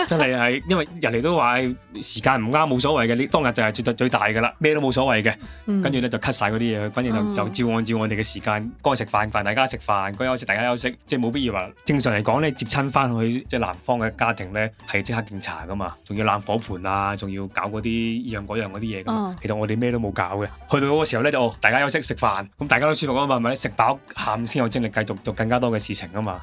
S3: 真係係，因為人哋都話、哎、時間唔啱冇所謂嘅，你當日就係最,最大最大嘅啦，咩都冇所謂嘅。跟住咧就 cut 曬嗰啲嘢，跟住就照按照我哋嘅時間，該食飯飯大家食飯，該休息大家休息，即冇必要話正常嚟講接親翻去即南方嘅家庭咧係即刻敬茶噶嘛，仲要攬火盆啊，仲要搞嗰啲依樣嗰樣嗰啲嘢。其實我哋咩都冇搞嘅，去到嗰個時候咧就、哦、大家休息食飯，咁大,大家都
S1: 舒服啊嘛，係咪食飽下午先有精力繼續做更加多嘅事情啊嘛。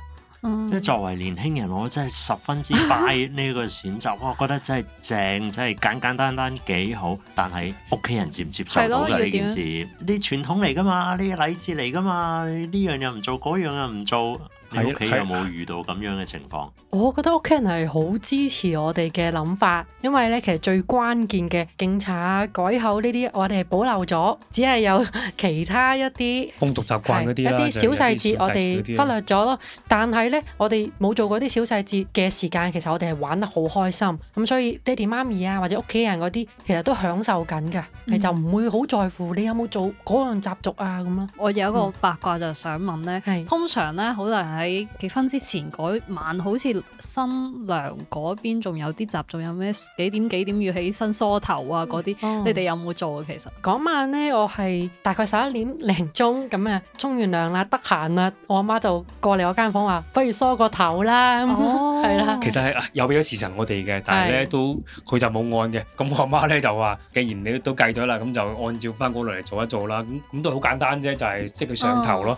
S1: 嗯、即係作為年輕人，我真係十分之 buy 呢個選擇， 我覺得真係正，真係簡簡單單幾好。但係屋企人接唔接受到呢的件事？啲傳統嚟㗎嘛，啲禮節嚟㗎嘛，呢樣又唔做，嗰樣又唔做。屋企有冇遇到咁樣嘅情
S4: 況？我覺得屋企人係好支持我哋嘅諗法，因為咧其實最關鍵嘅敬茶改口呢啲，我哋係保留咗，只係有其他一啲風
S3: 俗習慣啲一啲小、就是、小細節我哋忽略
S4: 咗咯。但係咧，我哋冇做過啲小細節嘅時間，其實我哋係玩得好開心。咁所以爹哋媽咪啊，或者屋企人嗰啲，其實都享受緊㗎，嗯、就唔會好在乎你有冇做嗰樣習俗啊咁咯。
S2: 我有一個八卦就想問咧，係是通常咧，好多人係。喺結婚之前嗰晚，好似新娘嗰邊仲有啲習俗，仲有咩幾點幾點要起身梳頭啊嗰啲？你哋有冇做啊？其實
S4: 嗰晚咧，我係大概十一點零鐘咁啊，沖完涼啦，得閒啦，我阿媽就過嚟我間房話：不如梳個頭啦。哦，係啦。其實係
S3: 有俾咗時辰我哋嘅，但係咧都佢就冇按嘅。咁我阿媽咧就話：既然你都計咗啦，咁就按照翻嗰個嚟做一做啦。咁咁都係好簡單啫，就係即係佢上頭咯，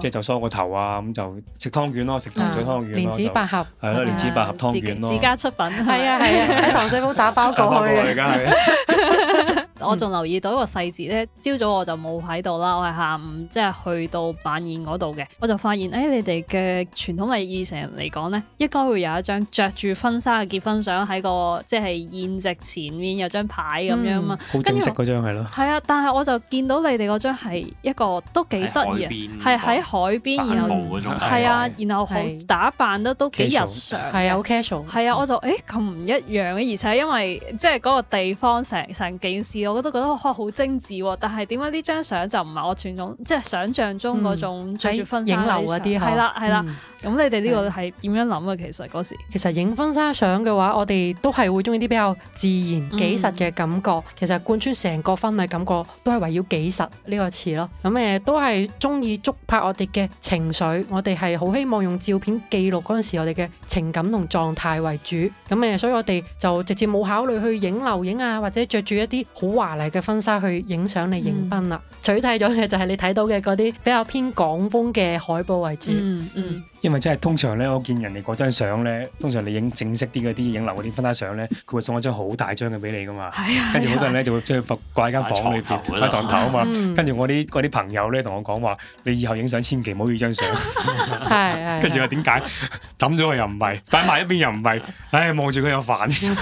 S3: 即係就梳個頭啊，咁就。食湯圓咯，食糖水湯圓，蓮子百合，係咯，蓮子百合湯圓咯，自家
S2: 出品，係啊係啊，喺、啊啊、糖水鋪打包過去啊，梗
S3: 係
S4: 過。 然
S2: 我仲留意到一個細節咧，朝早我就冇喺度啦，我係下午即係去到晚宴嗰度嘅，我就發現誒、哎、你哋嘅傳統禮儀成人嚟講咧，應該會有一張着住婚紗嘅結婚相喺個即係宴席前面有牌、嗯、張牌咁樣啊嘛，
S3: 好正式嗰張係咯，
S2: 係啊，但係我就見到你哋嗰張係一個都幾得意，係喺海邊、嗰個，海然後係啊，然後係的打扮得都幾日常，係啊，
S4: 好 casual，係啊，
S2: 我就誒咁唔一樣嘅，而且因為即係嗰個地方成成件事。我都覺得可好精緻喎，但係點解呢張相就唔係我傳統，即係想像中嗰種、嗯、影樓嗰啲？係啦、啊，係啦。咁、嗯嗯、你哋呢個係點樣諗啊？其實嗰時，
S4: 其實影婚紗相嘅話，我哋都係會中意啲比較自然、紀實嘅感覺。嗯、其實貫穿成個婚禮感覺都係圍繞紀實呢個詞咯。咁誒都係中意抓拍我哋嘅情緒，我哋係好希望用照片記錄嗰陣時我哋嘅情感同狀態為主。咁誒，所以我哋就直接冇考慮去影樓影啊，或者着住一啲好～華麗嘅婚紗去影相嚟，迎賓啦，取締咗嘅就係你睇到嘅嗰啲比較偏港風嘅海報為主。嗯嗯。
S3: 因為真係通常咧，我見人哋嗰張相咧，通常你影正式啲嗰啲影樓嗰啲婚紗相咧，佢會送一張好大張嘅俾你噶嘛。係啊。跟住好多人咧就會將佢掛喺間房裏邊，喺床頭啊嘛。跟住我啲啲朋友咧同我講話，你以後影相千祈唔好要張相。
S4: 跟住
S3: 話點解抌咗佢又唔係，擺埋一邊又唔係，唉，望住佢又煩。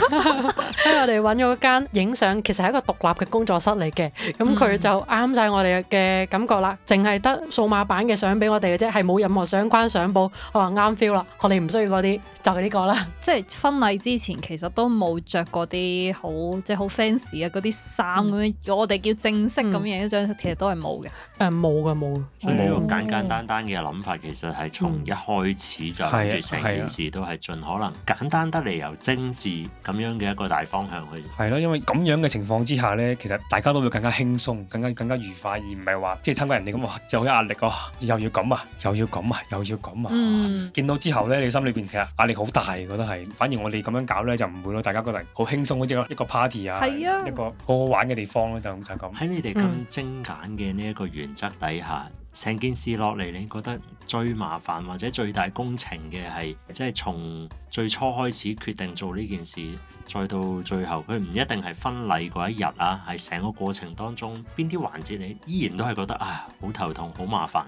S3: 跟
S4: 住我哋揾咗一間影相，其實係一個獨。立嘅工作室嚟嘅，咁佢就啱晒我哋嘅感覺啦，淨係、嗯、得數碼版嘅相俾我哋嘅啫，係冇任何相關相簿。佢話啱 feel 啦，我哋唔需要嗰啲，就係、是、
S2: 呢個啦。即係婚禮之前其實都冇着嗰啲好即係好 fancy 嘅嗰啲衫咁樣，嗯、我哋叫正式咁樣一張、嗯、其實都係冇嘅。誒冇嘅冇。
S1: 呃、所以呢個簡簡單單嘅諗法其實係從一開始、嗯、就諗住成件事都係盡可能簡單得嚟由精緻咁樣嘅一個大方向去。
S3: 係咯，因為咁樣嘅情況之下。咧，其實大家都會更加輕鬆、更加更加愉快，而唔係話即係參加人哋咁哇，就好壓力啊！又要咁啊，又要咁啊，又要咁啊！嗯，見到之後咧，你心裏邊其實壓力好大，我覺得係。反而我哋咁樣搞咧就唔會咯，大家覺得好輕鬆，即係一個一個 party 啊，係啊，一個
S1: 好好玩嘅地方咯，就咁就咁。喺你哋咁精簡嘅呢一個原則底下。嗯嗯成件事落嚟，你覺得最麻煩或者最大工程嘅係即係從最初開始決定做呢件事，再到最後，佢唔一定係婚禮嗰一日啊，係成個過程當中邊啲環節你依然都係覺得啊好頭痛，好麻煩？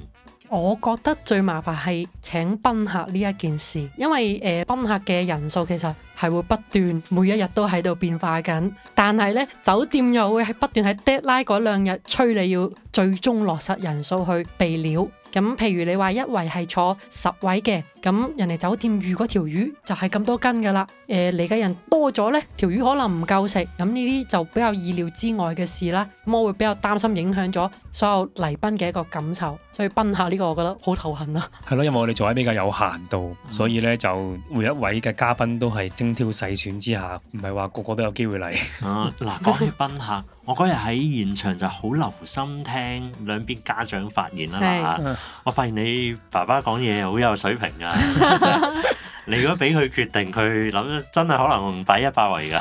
S4: 我覺得最麻煩係請賓客呢一件事，因為誒、呃、賓客嘅人數其實係會不斷每一日都喺度變化緊，但係咧酒店又會係不斷喺 deadline 嗰兩日催你要最終落實人數去備料。咁譬如你話一圍係坐十位嘅，咁人哋酒店預嗰條魚就係、是、咁多斤噶啦。誒、呃，嚟嘅人多咗咧，條魚可能唔夠食。咁呢啲就比較意料之外嘅事啦。咁我會比較擔心影響咗所有嚟賓嘅一個感受，所以賓客呢個我覺得好頭痕啦。
S3: 係咯，因為我哋座位比較有限度，嗯、所以咧就每一位嘅嘉賓都係精挑細選之下，唔係話個個都有機會嚟。啊，嗱， 講
S1: 起賓客。 我嗰日喺現場就好留心聽兩邊家長發言啦，嘛的。我發現你爸爸講嘢好有水平啊！ 你如果俾佢決定，佢諗真係可能唔擺一百圍㗎。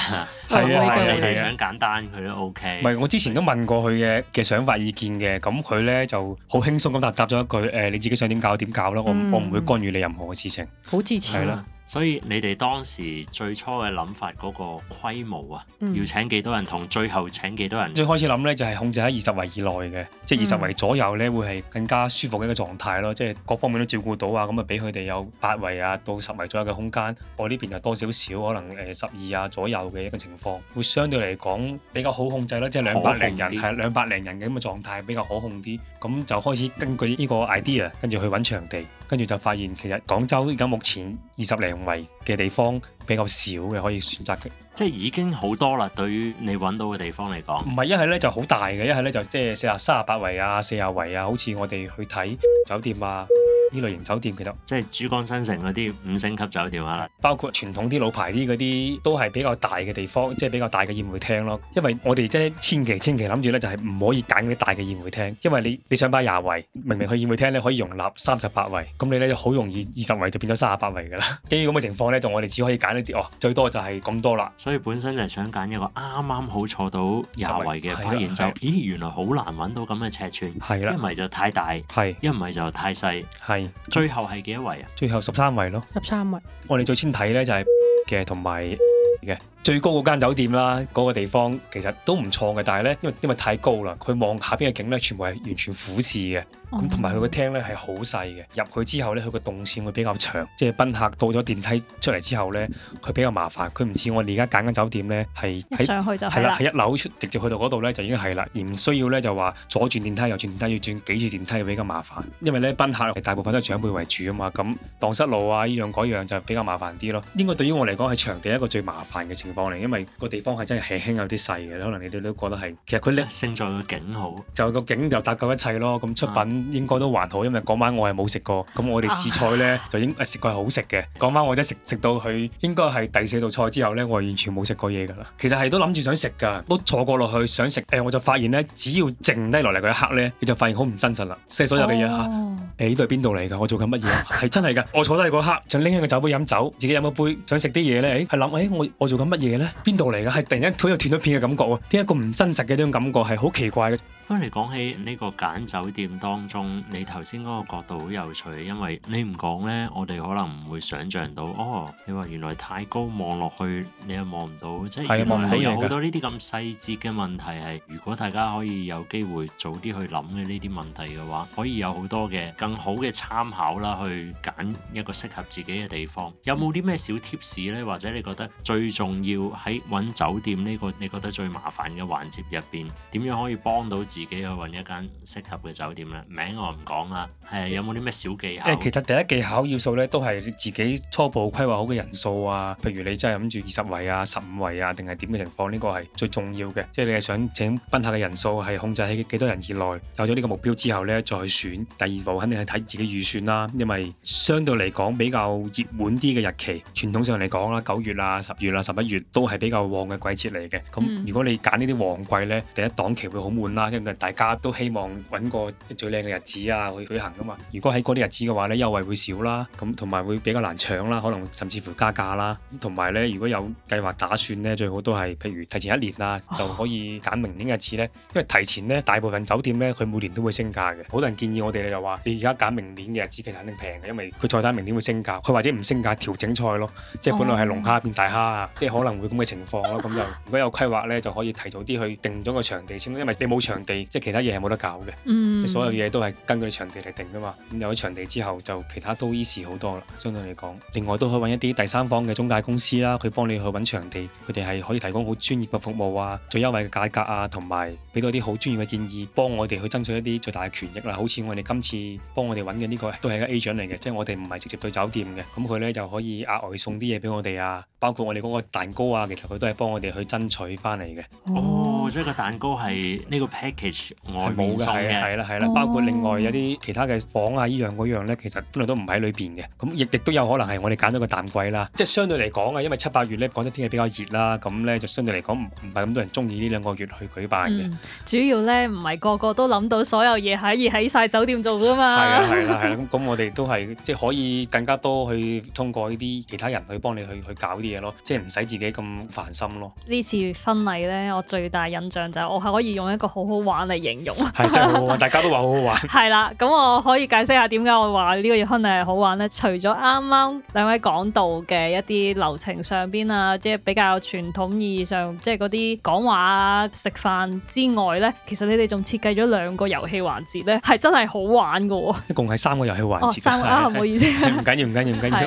S1: 係啊的，人哋 想簡單佢都 OK。唔係我
S3: 之前都問過佢嘅嘅想法意見嘅，咁佢咧就好輕鬆咁
S1: 答答咗一句：誒、呃、你自己想點搞點搞啦，
S4: 嗯、我我唔會
S1: 干預你任何嘅事情。
S4: 好支持。
S1: 所以你哋當時最初嘅諗法嗰個規模啊，要請幾多人同最後請幾多人？
S3: 最開始諗咧就係控制喺二十圍以內嘅，即二十圍左右呢、嗯、會係更加舒服嘅一個狀態咯。即、就係、各方面都照顧到佢哋啊，咁啊俾佢哋有八圍啊到十圍左右嘅空間。我呢邊就多少少，可能十二啊左右嘅一個情況，會相對嚟講比較好控制咯，即係兩百零人係兩百零人嘅咁嘅狀態比較可控啲。咁就開始根據呢個 idea 跟住去揾場地。跟住就發現，其實廣州而家目前二十零圍
S1: 嘅地方比較少嘅，可以選擇嘅。即係已經好多啦，對於你揾到嘅地方嚟講。
S3: 唔係，一係咧就好大嘅，一係咧就即係四啊三啊八圍啊，四十圍啊，好似我哋去睇酒店啊。呢類型酒店其實即係珠江新城嗰啲五星級酒店啊，包括傳統啲老牌啲嗰啲，都係比較大嘅地方，即係比較大嘅宴會廳咯。因為我哋即係千祈千祈諗住咧，就係唔可以揀啲大嘅宴會廳，因為你你想擺廿位，明明去宴會廳咧可以容納三十八位，咁你咧就好容易二十位就變咗三十八位㗎啦。基於咁嘅情
S1: 況咧，就我哋只可以揀呢啲哦，最多就係咁多啦。所以本身就係想揀一個啱啱好坐到廿位嘅，發現就咦原來好難揾到咁嘅尺寸，一唔係就太大，一唔係就太細。最後係幾多位
S3: 啊？最後十三位咯。十三位。我哋最先睇呢，就係嘅同埋嘅最高嗰間酒店啦，嗰、嗰個地方其實都唔錯嘅，但係呢，因為因為太高啦，佢望下邊嘅景呢，全部係完全俯視嘅。咁同埋佢個廳咧係好細嘅，入去之後咧佢個動線會比較長，即係賓客到咗電梯出嚟之後咧，佢比較麻煩。佢唔似我哋而家揀緊酒店咧，係一上去就係啦，係一樓出直接去到嗰度咧就已經係啦，而唔需要咧就話左轉電梯右轉電梯要轉幾次電梯比較麻煩。因為咧賓客大部分都係長輩為主啊嘛，咁蕩失路啊呢樣嗰樣就比較麻煩啲咯。應該對於我嚟講係場地一個最麻煩嘅情況嚟，因為個地方係真係輕輕有啲細嘅，可能你哋都覺得係。其實佢靚，勝在個景好，就個景就搭夠一切咯。咁、嗯、出品、嗯。應該都還好，因為嗰晚我係冇食過，咁我哋試菜呢，就應該食過係好食嘅。講返我即係食到去，應該係第四道菜之後呢，我係完全冇食過嘢噶啦。其實係都諗住想食噶，都坐過落去想食，欸，我就發現咧，只要靜低落嚟嗰一刻咧，你就發現好唔真實啦。所以，所有嘅嘢吓，誒，呢度係邊度嚟噶？我做緊乜嘢？係 真係噶，我坐低嗰刻想拎起個酒杯飲酒，自己飲個杯，想食啲嘢咧，誒，係諗我，我做緊乜嘢咧？邊度嚟噶？係突然間好有斷咗片嘅感覺，呢一個唔真實嘅呢種感覺係好奇怪嘅。
S1: 翻嚟講起呢個揀酒店當中，你頭先嗰個角度好有趣，因為你唔講呢，我哋可能唔會想象到。哦，你話原來太高望落去，你又望唔到，即係原來係有好多呢啲咁細節嘅問題係。如果大家可以有機會早啲去諗嘅呢啲問題嘅話，可以有好多嘅更好嘅參考啦，去揀一個適合自己嘅地方。有冇啲咩小貼士呢？或者你覺得最重要喺揾酒店呢個你覺得最麻煩嘅環節入邊，點樣可以幫到？自己去揾一間適合嘅酒店啦，名我唔講啦，係有冇啲咩小技巧？其實
S3: 第一技巧要素咧，都係你自己初步規劃好嘅人數啊，譬如你真係諗住二十圍啊、十五圍啊，定係點嘅情況，呢個係最重要嘅。即係你係想請賓客嘅人數係控制喺幾多人以內？有咗呢個目標之後咧，再選第二步，肯定係睇自己預算啦。因為相對嚟講比較熱門啲嘅日期，傳統上嚟講啦，九月啦、啊、十月啦、啊、十一月都係比較旺嘅季節嚟嘅。咁如果你揀呢啲旺季咧，嗯、第一檔期會好滿啦。大家都希望揾個最靚嘅日子啊去舉行啊嘛！如果喺嗰啲日子嘅話咧，優惠會少啦，咁同埋會比較難搶啦，可能甚至乎加價啦。同埋咧，如果有計劃打算咧，最好都係譬如提前一年啊，就可以揀明年嘅日子咧，因為提前咧，大部分酒店咧佢每年都會升價嘅。好多人建議我哋咧就話，你而家揀明年嘅日子其實肯定平嘅，因為佢菜單明年會升價，佢或者唔升價調整菜咯，即係本來係龍蝦變大蝦啊，oh. 即係可能會咁嘅情況咯。咁就如果有規劃咧，就可以提早啲去定咗個場地先，因為你冇場地。即係其他嘢係冇得搞嘅，嗯、所有嘢都係根據場地嚟定噶嘛。咁有咗場地之後，就其他都 easy 好多啦。相對嚟講，另外都可以揾一啲第三方嘅中介公司啦，佢幫你去揾場地，佢哋係可以提供好專業嘅服務啊，最優惠嘅價格啊，同埋俾到啲好專業嘅建議，幫我哋去爭取一啲最大嘅權益啦。好似我哋今次幫我哋揾嘅呢個都係一個 agent 嚟嘅，即係我哋唔係直接對酒店嘅，咁佢呢就可以額外送啲嘢俾我哋啊，包括我哋嗰個蛋糕啊，其實佢都係幫我哋去爭取翻嚟嘅。哦，哦即
S1: 係個蛋糕係呢個 package 我冇嘅，係啦係啦，包括另外有
S3: 啲其他嘅房啊，依樣嗰樣咧，其實本來都唔喺裏邊嘅。咁亦亦都有可能係我哋揀咗個淡季啦，即係相對嚟講啊，因為七八月咧，廣州天氣比較熱啦，咁咧就相對嚟講唔係咁多人中意呢兩個月去舉辦嘅，嗯。
S2: 主要咧唔係個個都諗到所有嘢可以喺晒酒店做噶嘛。係 啊，係啊，係
S3: 咁我哋都係即係可以更加多去通過呢啲其他人去幫你去去搞啲嘢咯，即係唔使自己咁煩心咯。
S2: 呢次婚禮咧，我最大印象就係我係可以用一個好好玩 就是、玩嚟形容係大
S3: 家都話好好玩。
S2: 係啦， 咁我可以解釋下點解我話呢個粵 Fun 係好玩咧。除咗啱啱兩位講到嘅一啲流程上邊啊，即係比較傳統意義上，即係嗰啲講話啊、食飯之外咧，其實你哋仲設計咗兩個遊戲環節咧，係真係好玩嘅喎。
S3: 一共係三個遊戲環節、哦。三個啊，唔是、哦、好意思。唔緊要，唔緊要，唔
S2: 緊要。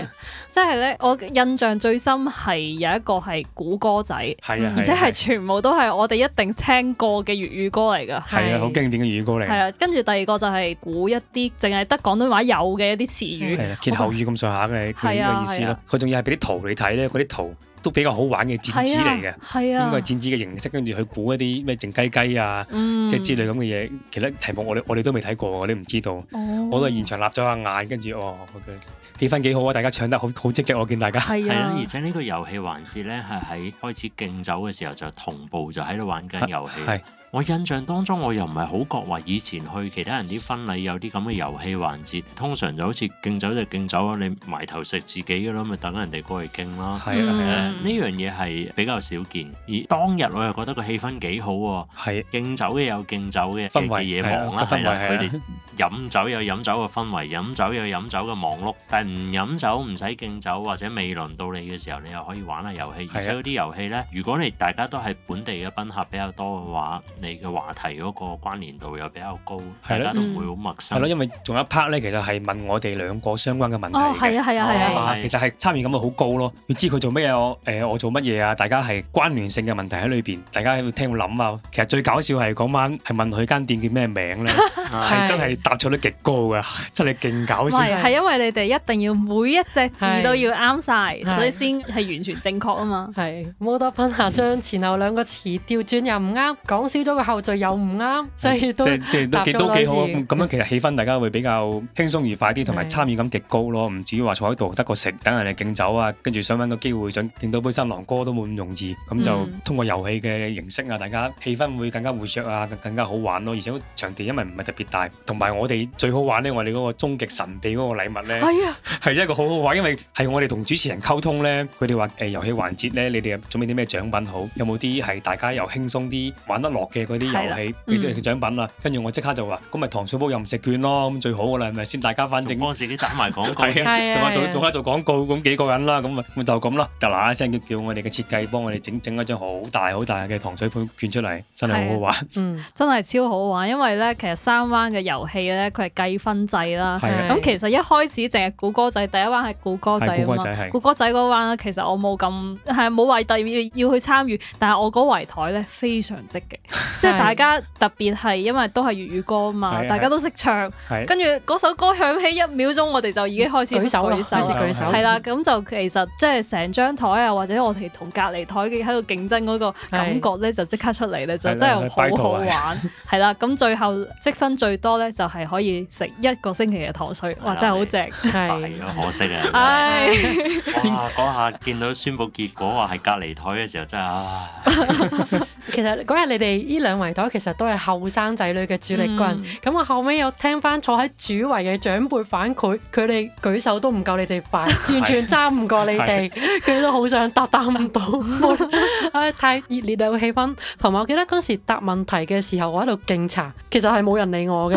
S2: 即係咧、 就是，我印象最深係有一個係估歌仔，係啊，而且係全部都係我哋一定聽過嘅粵語歌嚟㗎。.係啊，好
S3: 經典嘅粵語歌嚟。係
S2: 啊，跟住第二個就係估一啲淨係得廣東話有嘅一啲詞語，嗯、
S3: 歇後語咁上下嘅，佢嘅不意思咯、啊。佢仲、啊、要係俾啲圖你睇咧，嗰啲圖都比較好玩嘅剪紙嚟嘅，啊啊、應該係剪紙嘅形式，跟住佢估一啲咩靜雞雞啊，即係、嗯、之類咁嘅嘢。其實題目我哋我哋都未睇過，我哋唔知道。哦、我都係現場立咗下眼，跟住哦，okay, 氣氛幾好啊！大家唱得好好積極，我見大家係啊、啊。而且
S1: 呢個遊戲環節咧，係喺開始敬酒嘅時候就同步就喺度玩緊遊戲。啊我印象當中，我又唔係好覺話以前去其他人啲婚禮有啲咁嘅遊戲環節，通常就好似敬酒就敬酒咯，你埋頭食自己噶咯，咪等人哋過去敬咯。係啊，呢、啊嗯啊、樣嘢係比較少見。而當日我又覺得個氣氛幾好喎。啊、敬酒嘅有敬酒嘅嘅嘢忙啦，同埋佢哋飲酒有飲酒嘅氛圍，飲酒有飲酒嘅忙碌。但係唔飲酒唔使敬酒或者未輪到你嘅時候，你又可以玩下遊戲。而且嗰啲遊戲呢、啊，如果你大家都係本地嘅賓客比較多嘅話，你嘅話題嗰個關聯度又比較高，大
S3: 家都唔會好陌生。係咯，因為仲有一 part 咧，其實係問我哋兩個相關嘅問題啊。其實係參與感好高咯。你知佢做乜嘢，我誒我做乜嘢啊？大家係關聯性嘅問題喺裏邊，大家喺度聽、喺度諗啊。其實最搞笑係嗰晚係問佢間店叫咩名咧，係真係答錯率極高嘅，真係勁搞笑。係
S2: 因為你哋一定要每一隻字都要啱晒，所以先係完全正確啊嘛。係，冇得分下，將前後兩個詞調轉又唔
S4: 啱，講少。咁個後序又唔啱，所以都、嗯、即係都幾答了 都幾好
S3: 咁、嗯、樣。其實氣氛大家會比較輕鬆愉快啲，同埋參與感極高咯。唔至於話坐喺度得個食，等人哋敬酒啊。跟住想揾個機會準到杯新郎哥都冇咁容易。咁就通過遊戲嘅形式啊，大家氣氛會更加活躍啊，更加好玩咯。而且場地因為唔係特別大，同埋我哋最好玩呢，我哋嗰個終極神秘嗰個禮物呢，係啊、哎呀，係一個好好玩，因為係我哋同主持人溝通呢，佢哋話誒遊戲環節呢，你哋準備啲咩獎品好？有冇啲係大家又輕鬆啲玩得落嘅？嘅嗰啲遊戲俾啲獎品啦，跟住、嗯、我即刻就話，咁咪糖水煲任食券咯，咁最好嘅啦，係咪先？大家反正幫自己打埋廣告，係 的做下做廣告咁幾個人啦，咁咪就咁啦，嗱嗱聲叫我哋嘅設計幫我哋整整一張好大好大嘅糖水煲券出嚟，
S2: 真係好好玩。嗯、真係超好玩，因為咧其實三環嘅遊戲咧，佢係計分制啦。係咁的其實一開始淨係估歌仔，第一環係估歌仔估歌仔係。估歌仔嗰環咧，其實我冇咁係冇話特別要去參與，但係我嗰圍台咧非常積極。即係大家特別係，因為都係粵語歌嘛，大家都識唱。跟住嗰首歌響起一秒鐘，我哋就已經開始舉手啦，開始舉手。係啦，咁就其實即係成張台啊，或者我哋同隔離台嘅喺度競爭嗰個感覺咧，就即刻出嚟啦，就真係好好玩。係啦，咁最後積分最多咧，就係可以食一個星期嘅糖水，哇！真係好正！
S1: 係可惜啊！唉，哇！嗰下見到宣布結果話係隔離台嘅時候，真係
S2: 其實嗰日你哋
S4: 呢兩圍台其實都係後生仔女嘅主力軍，咁、嗯、我後尾又聽翻坐喺主圍嘅長輩反饋，佢哋舉手都唔夠你哋快， 完全爭唔過你哋，佢 都好想答答唔到，唉，太熱烈啦個氣氛，同埋我記得嗰時答問題嘅時候我喺度敬茶，其實係冇人理我嘅，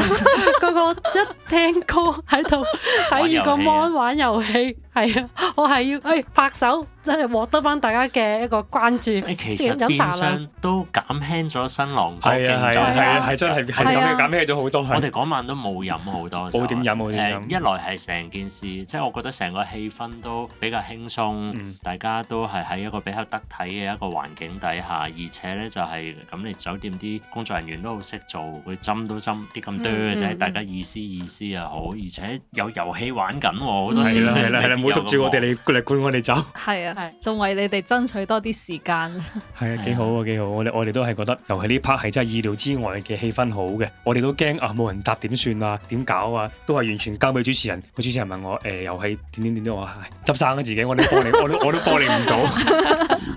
S4: 嗰 個一聽歌喺度睇住個芒玩遊戲。係啊，我係要誒拍手，真係獲得翻大家嘅一個關注。誒，其實變相
S1: 都減輕咗新郎嘅勁咗，係啊係啊係啊，係真係係咁樣減減輕咗好多。我哋嗰晚都冇飲好多，冇點飲冇點飲。一來係成件事，即係我覺得成個氣氛都比較輕鬆，大家都係喺一個比較得體嘅一個環境底下，而且咧就係咁，你酒店啲工作人員都好識做，佢斟都斟啲咁多嘅就係大家意思意思就好，而且有遊戲玩緊，好多時咧。唔會捉住我哋
S3: 嚟嚟管我哋走，
S2: 係啊，仲為你哋爭取多啲時間，
S3: 係啊，幾好啊，幾好！我哋我哋都係覺得遊戲呢 part 係真係意料之外嘅氣氛好嘅，我哋都驚啊冇人答點算啊，點搞啊，都係完全交俾主持人。個主持人問我誒、欸、遊戲點點點點，我執生啊自己，我哋幫， 幫你，我都我都幫你唔到。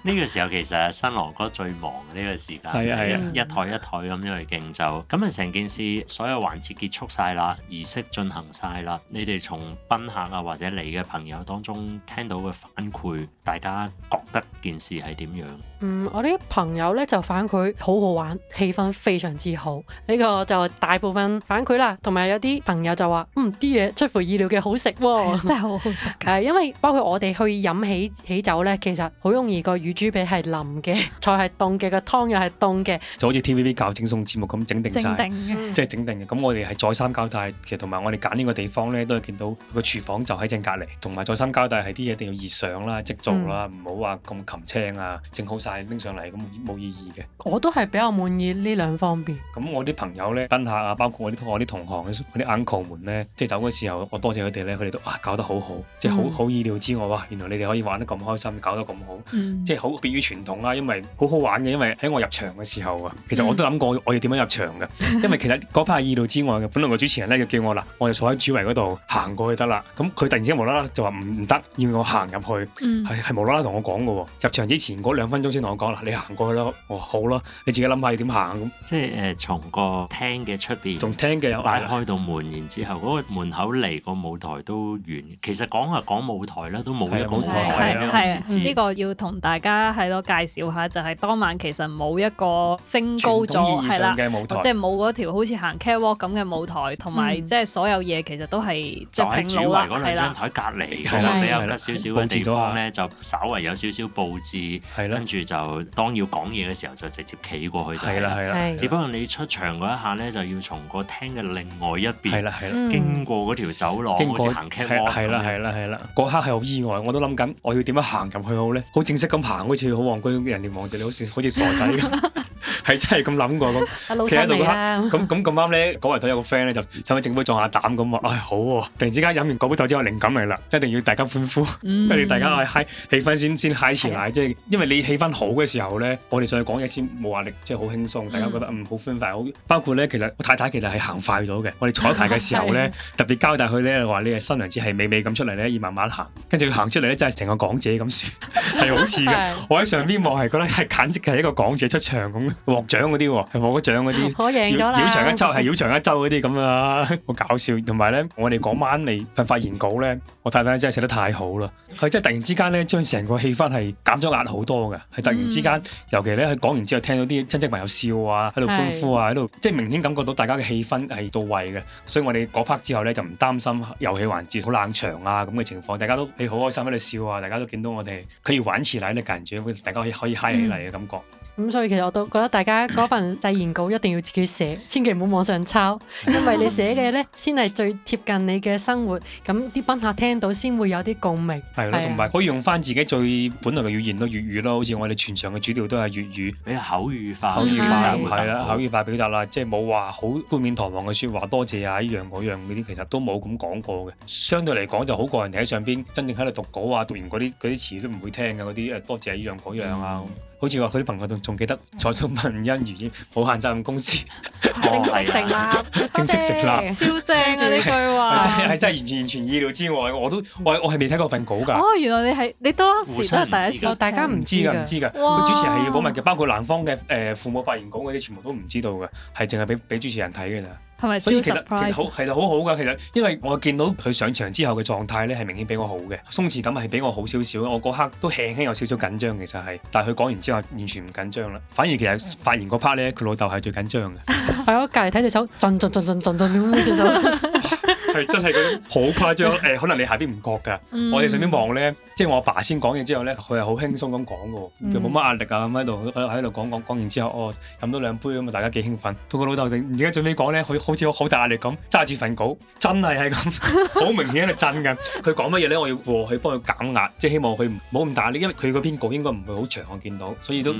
S1: 呢 個時候其實新郎哥最忙嘅呢個時間，係啊係啊，一台一台咁樣去敬酒，咁啊成件事所有環節結束晒啦，儀式進行晒啦，你哋從賓客啊或者你嘅朋友。有當中聽到嘅反饋，大家覺得件事係點樣？
S4: 嗯，我啲朋友咧就反饋好好玩，氣氛非常之好。呢、這個就大部分反饋啦，同埋有啲朋友就話：嗯，啲嘢出乎意料嘅好食喎、哦，真係好好食。係因為包括我哋去飲喜喜酒咧，其實好容易個乳豬皮係腍嘅，菜係凍嘅，個湯又係凍嘅。
S1: 就
S3: 好似 T.V.B. 搞整餸節目咁整定曬，即係整定嘅。咁我哋係再三交代，其實同埋我哋揀呢個地方咧，都係見到個廚房就喺正隔籬，同埋再三交代係啲嘢一定要熱上啦、即做啦，唔、嗯、好話咁擒青啊，整好曬。拎上嚟咁冇意義嘅，
S4: 我都係比較滿意呢兩方面。
S3: 咁我啲朋友咧，賓客啊，包括我啲同學我啲同行嗰啲 uncle 們咧，即係走嘅時候，我多謝佢哋咧，佢哋都哇、啊、搞得好好，即係好好意料之外哇！原來你哋可以玩得咁開心，搞得咁好，嗯、即係好別於傳統啦。因為好好玩嘅，因為喺我入場嘅時候啊，其實我都諗過我要點樣入場嘅，嗯、因為其實嗰排意料之外嘅。 本來個主持人咧就叫我嗱，我就坐喺主位嗰度行過去得啦。咁佢突然之間無啦啦就話唔唔得，要我行入去，係係、嗯、無啦啦同我講嘅喎。入場之前嗰兩分鐘先。我講啦，你行過去咯。哇，好啦，你自己諗下你點
S1: 行咁。即係誒，從個廳嘅出邊，從廳嘅又開到門，然之後嗰個門口離個舞台都遠。其實講下講舞台啦，都冇一個舞台咁樣設置。呢
S2: 個要同大家係咯介紹下，就係當晚其實冇一個升高咗係啦，即係冇嗰條好似行 catwalk 咁嘅舞台，同埋即係所有嘢其實都係即係平攤。主圍嗰兩張
S1: 台隔離嘅啦，比較少少嘅地方咧，就稍為有少少佈置，跟住。就當要講嘢嘅時候，就直接企過去就係啦係啦。只不過你出場嗰一下咧，就要從個廳嘅另外一邊。係啦係啦。經過嗰條走廊，嗯、好似行劇院係啦係啦係啦。嗰刻係好意
S3: 外，我都諗緊我要點樣行入去好咧？好正式咁行，好似好王冠，人哋望住你好似好似傻仔咁。
S1: 係真係咁
S3: 諗過，咁企喺度咁咁咁啱咧，嗰位台有個 friend 咧，就想去整杯撞下膽咁話，唉、哎、好喎、啊！突然之間飲完嗰杯酒之後，靈感嚟啦，一定要大家歡呼，跟住、嗯、大家可以 high 氣氛先先 high 起嚟即係因為你氣氛好嘅時候咧，我哋上去講嘢先冇壓力，即係好輕鬆，大家覺得嗯好、嗯、歡快，好包括咧，其實我太太其實係行快咗嘅，我哋彩排嘅時候咧， 的特別交代佢咧話：你係新娘子係美美咁出嚟咧，要慢慢行，跟住佢行出嚟咧，真係成個港姐咁算，係好似嘅，我喺上邊望係覺得係簡直係一個港姐出場咁。獲獎嗰啲，係獲獎嗰啲，我贏咗啦，繞場一周係繞場一周嗰啲咁啊，好 搞笑。同埋咧，我哋嗰晚嚟份發言稿咧，我太太真係寫得太好啦！係即係突然之間咧，將成個氣氛係減咗壓好多嘅，係突然之間，嗯、尤其咧，佢講完之後聽到啲親戚朋友笑啊，喺度歡呼啊，喺度即係明顯感覺到大家嘅氣氛係到位嘅。所以我哋嗰 part 之後咧，就唔擔心遊戲環節好冷場啊咁嘅情況，大家都你好開心喺度笑啊，大家都見到我哋可以玩起嚟咧，感覺大家可以可以 high 起嚟嘅感覺。嗯
S4: 咁所以其實我都覺得大家嗰份誓言稿一定要自己寫， 千祈唔好網上抄，因為 你寫嘅咧先係最貼近你嘅生活，咁啲賓客聽到先會有啲共鳴。係咯了，同
S3: 埋、啊、可以用翻自己最本來嘅語言咯，粵語咯，好似我哋全場嘅主調都係粵語，誒口語化，口語化咁係啦，是口語化表達啦是，即係冇話好冠冕堂皇嘅説話，多謝啊呢樣嗰樣嗰啲，其實都冇咁講過嘅。相對嚟講就好過人哋喺上邊真正喺度讀稿啊，讀完嗰啲啲詞都唔會聽嘅嗰啲多謝呢樣嗰樣啊。好似話佢啲朋友仲仲記得蔡訊文欣如，好限責任公司 正式成立， 正式成立，謝謝 超正啊！呢 句話係 真係完全完全意料之外，我都我我係未睇過份稿㗎。哦，
S2: 原來你係你當時都係第一次，大家唔知㗎，唔、嗯、知㗎。個主持人係要保密
S3: 嘅，包括男方嘅誒、呃、父母發言稿嗰啲，全部都唔知道嘅，係淨係俾俾主持人睇㗎咋。
S2: 是是所以其實其實好
S3: 其實好好噶。其實因為我見到佢上場之後嘅狀態咧，係明顯比我好嘅，鬆弛感係比我好少少。我嗰刻都輕輕有少少緊張，其實係，但係佢講完之後完全唔緊張啦。反而其實發言嗰 part 咧，佢老豆係最緊張嘅。
S4: 係我隔籬睇隻手，震震震震震震咁隻手。
S3: 係真係嗰種好誇張誒，可能你下邊唔覺㗎，嗯、我哋上邊望咧，即係我阿爸先講嘢之後咧，佢係好輕鬆咁講嘅，其實冇乜壓力啊咁喺度，喺度講講講完之後，哦飲多兩杯咁啊，大家幾興奮。同個老豆定而家最尾講咧，佢好似好大壓力咁，揸住份稿，真係係咁，好明顯係真㗎。佢講乜嘢咧？我要和佢幫佢減壓，即係希望佢唔冇咁大壓力，因為佢嗰篇稿應該唔會好長，我見到，所以都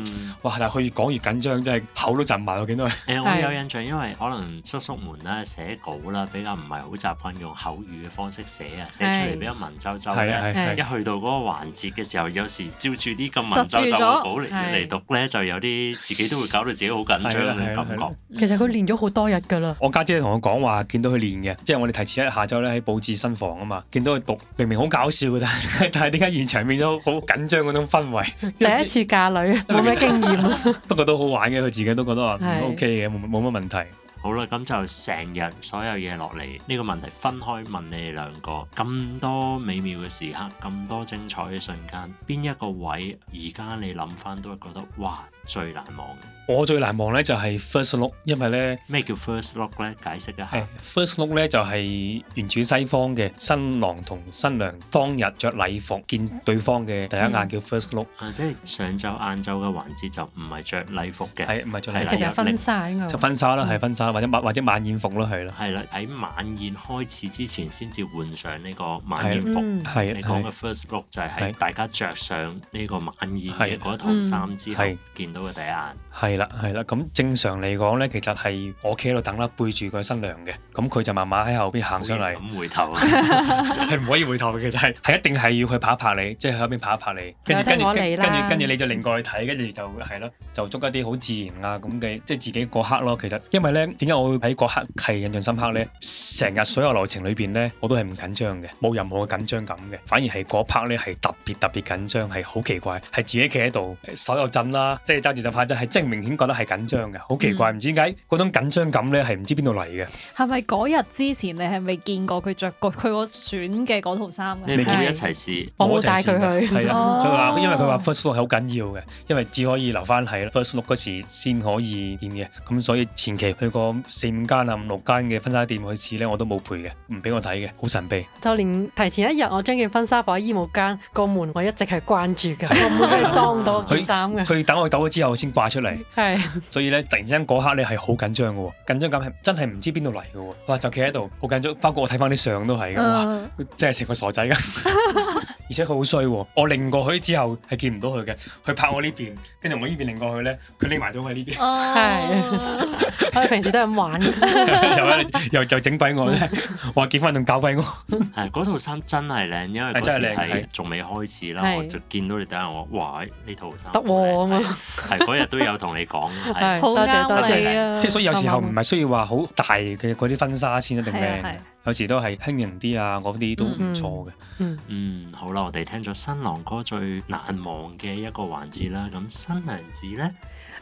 S3: 哇！但係佢越講越緊張，真係口都震埋，
S1: 我見到。誒、 欸，我有印象，因為可能叔叔們咧寫稿啦，比較唔係好習，運用口語嘅方式寫啊，寫出嚟比較文縐縐嘅。一去到嗰個環節嘅時候，有時照住啲咁文縐縐嘅稿嚟嚟讀咧，的就有啲自己都會搞到自己好緊張嘅感覺。
S4: 其實佢練咗好多日㗎啦。嗯、我
S3: 家姐同我講話，見到佢練嘅，即、就、係、是、我哋提前一日下晝咧喺佈置新房啊嘛，見到佢讀明明好搞笑嘅，但係但係點解現場變咗好緊
S1: 張嗰種氛圍？
S4: 第一次嫁女，冇咩 經驗、啊。
S1: 不過 都，都好玩嘅，佢自己都覺得話 OK 嘅，冇冇乜問題。好啦，咁就成日所有嘢落嚟，呢個問題分開問你哋兩個。咁多美妙嘅時刻，咁多精彩嘅瞬間，邊一個位而家你諗返都係覺得，哇！最難忘
S3: 嘅，我最難忘咧就係 first look，因為
S1: 咧咩叫 first look 咧？解釋
S3: 一下。first look 咧就係源自西方嘅新郎同新娘當日着禮服見對方嘅第一眼
S1: 叫 first look。嗯、啊，即係上晝晏晝嘅環節就唔係着禮服嘅。係唔係着
S3: 禮服？是是禮服，其實
S4: 係婚紗應該。著婚
S1: 紗啦，係婚紗，或者晚或者晚宴服咯，係咯。係啦，喺晚宴開始之前先至換上呢個晚宴服。係，嗯，你講嘅 first look 就係喺大家着上呢個晚宴嘅嗰一套衫之後見。到佢第一眼，
S3: 係啦係啦，咁正常嚟講咧，其實係我企喺度等啦，背住個新娘嘅，咁佢就慢慢喺後邊行上嚟，咁回頭，係 唔 可以回頭嘅，其實係一定係要去拍一拍你，即係喺後邊拍一拍你，跟住跟住跟住跟住你就另過去睇，跟住就係咯，就捉一啲好自然啊咁嘅，即係自己嗰刻咯。其實因為咧，點解我會喺嗰刻係印象深刻咧？成日 所有流程裏邊咧，我都係唔緊張嘅，冇任何嘅緊張感嘅，反而係嗰拍咧係特別特別緊張，係好奇怪，係自己企喺度，手又震啦，即係。揸住就拍，子係真係明顯覺得係緊張嘅，好奇怪，唔、嗯、知點解嗰種緊張感咧係唔知邊度嚟嘅。
S2: 係咪嗰日之前你係未見過佢着過佢我選嘅嗰套衫你未見佢一齊
S3: 試？是我冇帶佢去。係的啊，佢話因為佢話 first look 係好緊要嘅，因為只可以留翻喺 first look 嗰時先可以見嘅。咁所以前期去過四五間啊五六間嘅婚紗店去試咧，我都冇陪嘅，唔俾我睇嘅，好神秘。
S4: 就連提前一日，我將件婚紗放喺衣帽間，個門我一直係關住㗎，個門係裝 到件衫嘅。佢
S3: 等我抖之後先掛出嚟，是所以咧突然之間嗰刻咧係好緊張嘅喎，緊張感係真係唔知邊度嚟嘅喎，哇！就企喺度好緊張，包括我睇翻啲相都係，哇！嗯、真係成個傻仔噉。 而且佢好衰喎，我擰過去之後係見唔到佢嘅，佢拍我呢邊，跟住我呢邊擰過去咧，佢拎埋咗我喺呢邊。
S4: 哦，係，佢平時都咁玩
S1: 嘅，又又整鬼我咧，話結婚仲搞鬼我。嗰套衫真係靚，因為嗰時係仲未開始啦，我就見到你第一眼我，哇！呢套衫
S3: 得
S4: 喎啊嘛，係嗰
S1: 日都有同你講，
S4: 多謝多謝啊，
S3: 即係所以有時候唔係需要話好大嘅嗰啲婚紗先一定靚。有時都係輕
S1: 盈啲啊，嗰啲
S2: 都唔
S4: 錯
S1: 嘅。嗯，嗯，好啦，我哋聽咗新郎哥最難忘嘅一個環節啦。咁新娘子呢？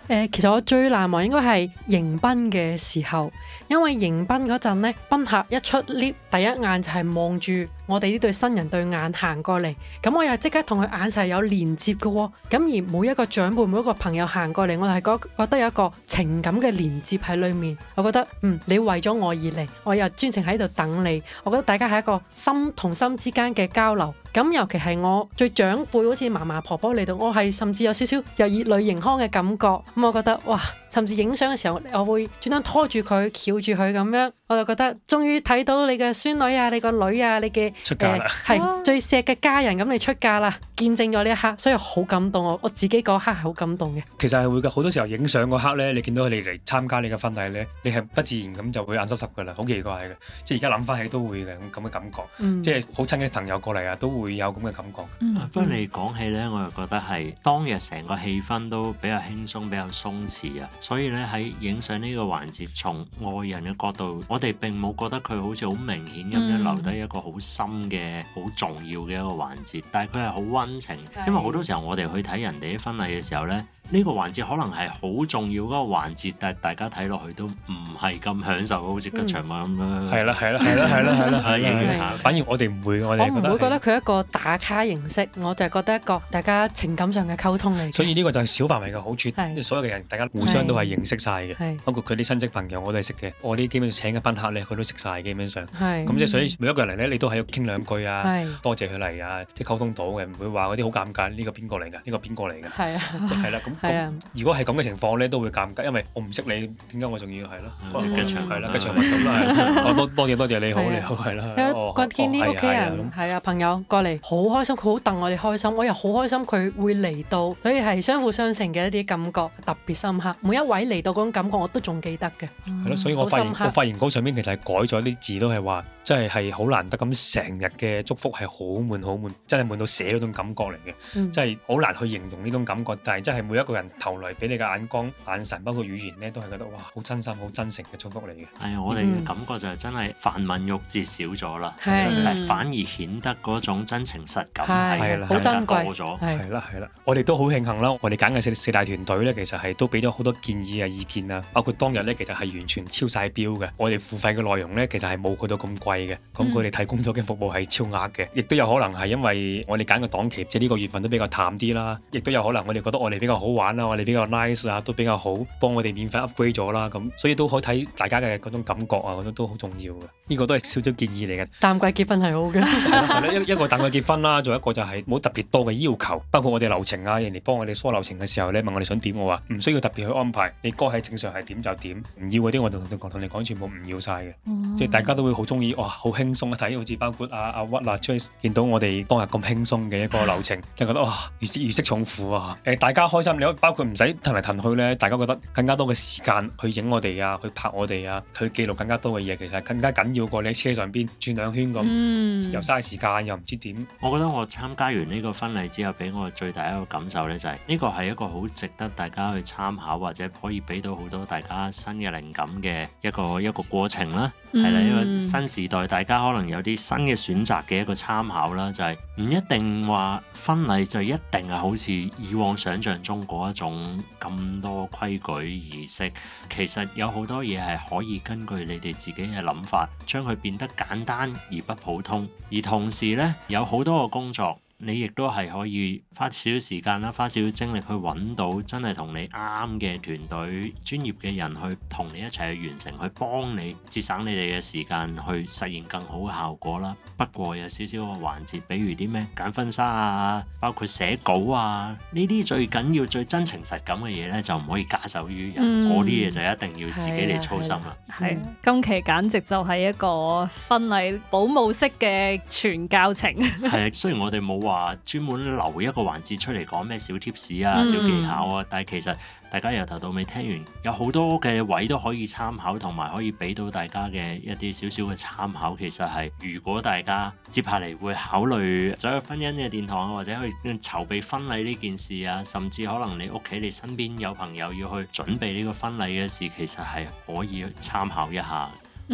S4: 誒、呃，其實我最難忘應該係迎賓嘅時候，因為迎賓嗰陣呢，賓客一出 lift，第一眼就係望住。我哋呢對新人對眼行過嚟，咁我又即刻同佢眼神係有連接嘅喎、哦，咁而每一個長輩每一個朋友行過嚟，我係覺覺得有一個情感嘅連接喺裏面，我覺得嗯你為咗我而嚟，我又專程喺度等你，我覺得大家係一個心同心之間嘅交流，咁尤其係我最長輩好似嫲嫲婆婆嚟到，我係甚至有少少又熱淚盈眶嘅感覺，咁我覺得哇！甚至影相嘅時候，我會專登拖住佢、翹住佢咁樣，我就覺得終於睇到你嘅孫女啊、你個女啊、你嘅出嫁啦、呃、最錫嘅家人，咁、啊、你出嫁啦，見證咗呢一刻，所以好感動我，我自己嗰刻係好感動嘅。
S3: 其實係會嘅，好多時候影相嗰刻咧，你見到佢哋嚟參加你嘅婚禮咧，你係不自然咁就會眼濕濕㗎啦。好奇怪嘅，即係而家諗翻起都會嘅
S1: 咁嘅感覺，嗯、即係好親嘅朋友過嚟啊，都會有咁嘅感覺。嗯嗯、不過你講起咧，我又覺得係當日成個氣氛都比較輕鬆、比較鬆弛啊。所以呢，喺影相呢個環節，從外人嘅角度，我哋並冇覺得佢好似好明顯咁樣留低一個好深嘅、好重要嘅一個環節。但係佢係好温情，因為好多時候我哋去睇人哋啲婚禮嘅時候呢。呢個環節可能係好重要嗰個環節，但係大家睇落去都唔係咁享受，好似吉祥物咁樣。係啦，係啦，係啦，係啦，係啦。反而我哋唔會
S3: 嘅，我唔會覺得
S4: 佢一個打卡形式，我就係覺得一個大家情感上嘅溝通嚟。所以
S3: 呢個就係小範圍嘅好處，即係所有嘅人大家互相都係認識晒嘅，包括佢啲親戚朋友我都係識嘅。我啲基本上請嘅賓客咧，佢都識晒，基本上。咁即係所以每一個人嚟咧，你都喺度傾兩句啊，多謝佢嚟啊，即係溝通到嘅，唔會話嗰啲好尷尬，呢個邊個嚟㗎？呢個邊個嚟㗎？係啊，就係啦咁。係啊！如果係咁嘅情況咧，都會尷尬，因為我唔識你，點解我仲要係咯？多謝吉祥，係啦，吉祥物咁啦。多，多謝，多謝你好，你好係啦。過見呢啲屋企人
S4: 係啊朋友，過嚟好開心，佢好戥我哋開心，我又好開心佢會嚟到，所以係相輔相成嘅一啲感覺特別深刻。每一位嚟到嗰種感覺我都仲記得嘅。係咯，所以我發現我發
S3: 言稿上面其實係改咗啲字，都係話真係係好難得咁成日嘅祝福係好滿好滿，真係滿到寫嗰種感覺嚟嘅，真係好難去形容呢種感覺。但係真係每一個人投來俾你嘅眼光、眼神，包括語言咧，都係覺得哇，好真心、好真誠嘅祝福嚟嘅。
S1: 係、哎、我哋嘅感覺就係真係繁文縟節少咗啦，但係、嗯、反而顯得嗰種真情實感係好珍貴。係啦，
S3: 係啦，我哋都好慶幸啦。我哋揀嘅四四大團隊咧，其實係都俾咗好多建議啊、意見啊，包括當日咧，其實係完全超晒標嘅。我哋付費嘅內容咧，其實係冇去到咁貴嘅。咁佢哋提供咗嘅服務係超額嘅，亦都有可能係因為我哋揀嘅檔期即係呢個月份都比較淡啲啦，亦都有可能我哋覺得我哋比較好玩啊！我哋比較 nice 啊，都比較好，幫我哋免費 upgrade 咗啦，咁所以都可以睇大家嘅嗰種感覺啊，嗰種都好重要嘅。呢、這個都係少少建議嚟嘅。
S4: 淡季結婚係好嘅。係
S3: 啦、 嗯，一一個淡季結婚啦，仲有一個就係冇特別多嘅要求。包括我哋流程啊，人哋幫我哋疏流程嘅時候咧，問我哋想點，我話唔需要特別去安排，你該係正常係點就點。唔要嗰啲，我同同你講，全部唔要晒嘅。嗯、即係大家都會好中意，哇！好輕鬆一睇，好似包括阿阿屈啊、Joy、啊、見到我哋當日咁輕鬆嘅一個流程，就覺得哇！如釋如釋重負啊！誒、呃，大家開心。有包括唔使騰嚟騰去咧，大家覺得更加多嘅時間去影我哋啊，去拍我哋啊，去記錄更加多嘅嘢，其實更加緊要過你喺車上邊轉兩圈
S1: 咁，又嘥時間、嗯、又唔知點。我覺得我參加完呢個婚禮之後，俾我最大一個感受咧，就係呢個係一個好值得大家去參考，或者可以俾到好多大家新嘅靈感嘅一個一個過程啦。係啦、嗯，一、呢個新時代，大家可能有啲新嘅選擇嘅一個參考啦，就係、是。唔一定話婚禮就一定係好似以往想象中嗰一種咁多規矩儀式。其實有好多嘢係可以根據你哋自己嘅諗法，將佢變得簡單而不普通。而同時呢，有好多個工作。你亦都係可以花少少時間啦，花少少精力去揾到真係同你啱嘅團隊專業嘅人去同你一齊去完成，去幫你節省你哋嘅時間，去實現更好嘅效果啦。不過有少少嘅環節，比如啲咩揀婚紗啊，包括寫稿啊，呢啲最緊要最真情實感嘅嘢咧，就唔可以假手於人，嗰啲嘢就一定要自己嚟操心啦。
S2: 係今期簡直就係一個婚禮保姆式嘅全教程。係、
S1: 嗯、雖然我哋冇話。話專門留一個環節出嚟講咩小貼士啊、嗯、小技巧啊，但係其實大家由頭到尾聽完，有好多嘅位都可以參考，同埋可以俾到大家嘅一啲少少嘅參考。其實係如果大家接下嚟會考慮走入婚姻嘅殿堂啊，或者去籌備婚禮呢件事啊，甚至可能你屋企、你身邊有朋友要去準備呢個婚禮嘅事，其實係可以參考一下。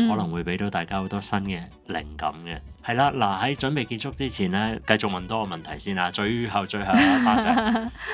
S1: 可能會俾到大家好多新嘅靈感嘅，係啦。嗱喺準備結束之前咧，繼續問多個問題先啦。最後最後啊，花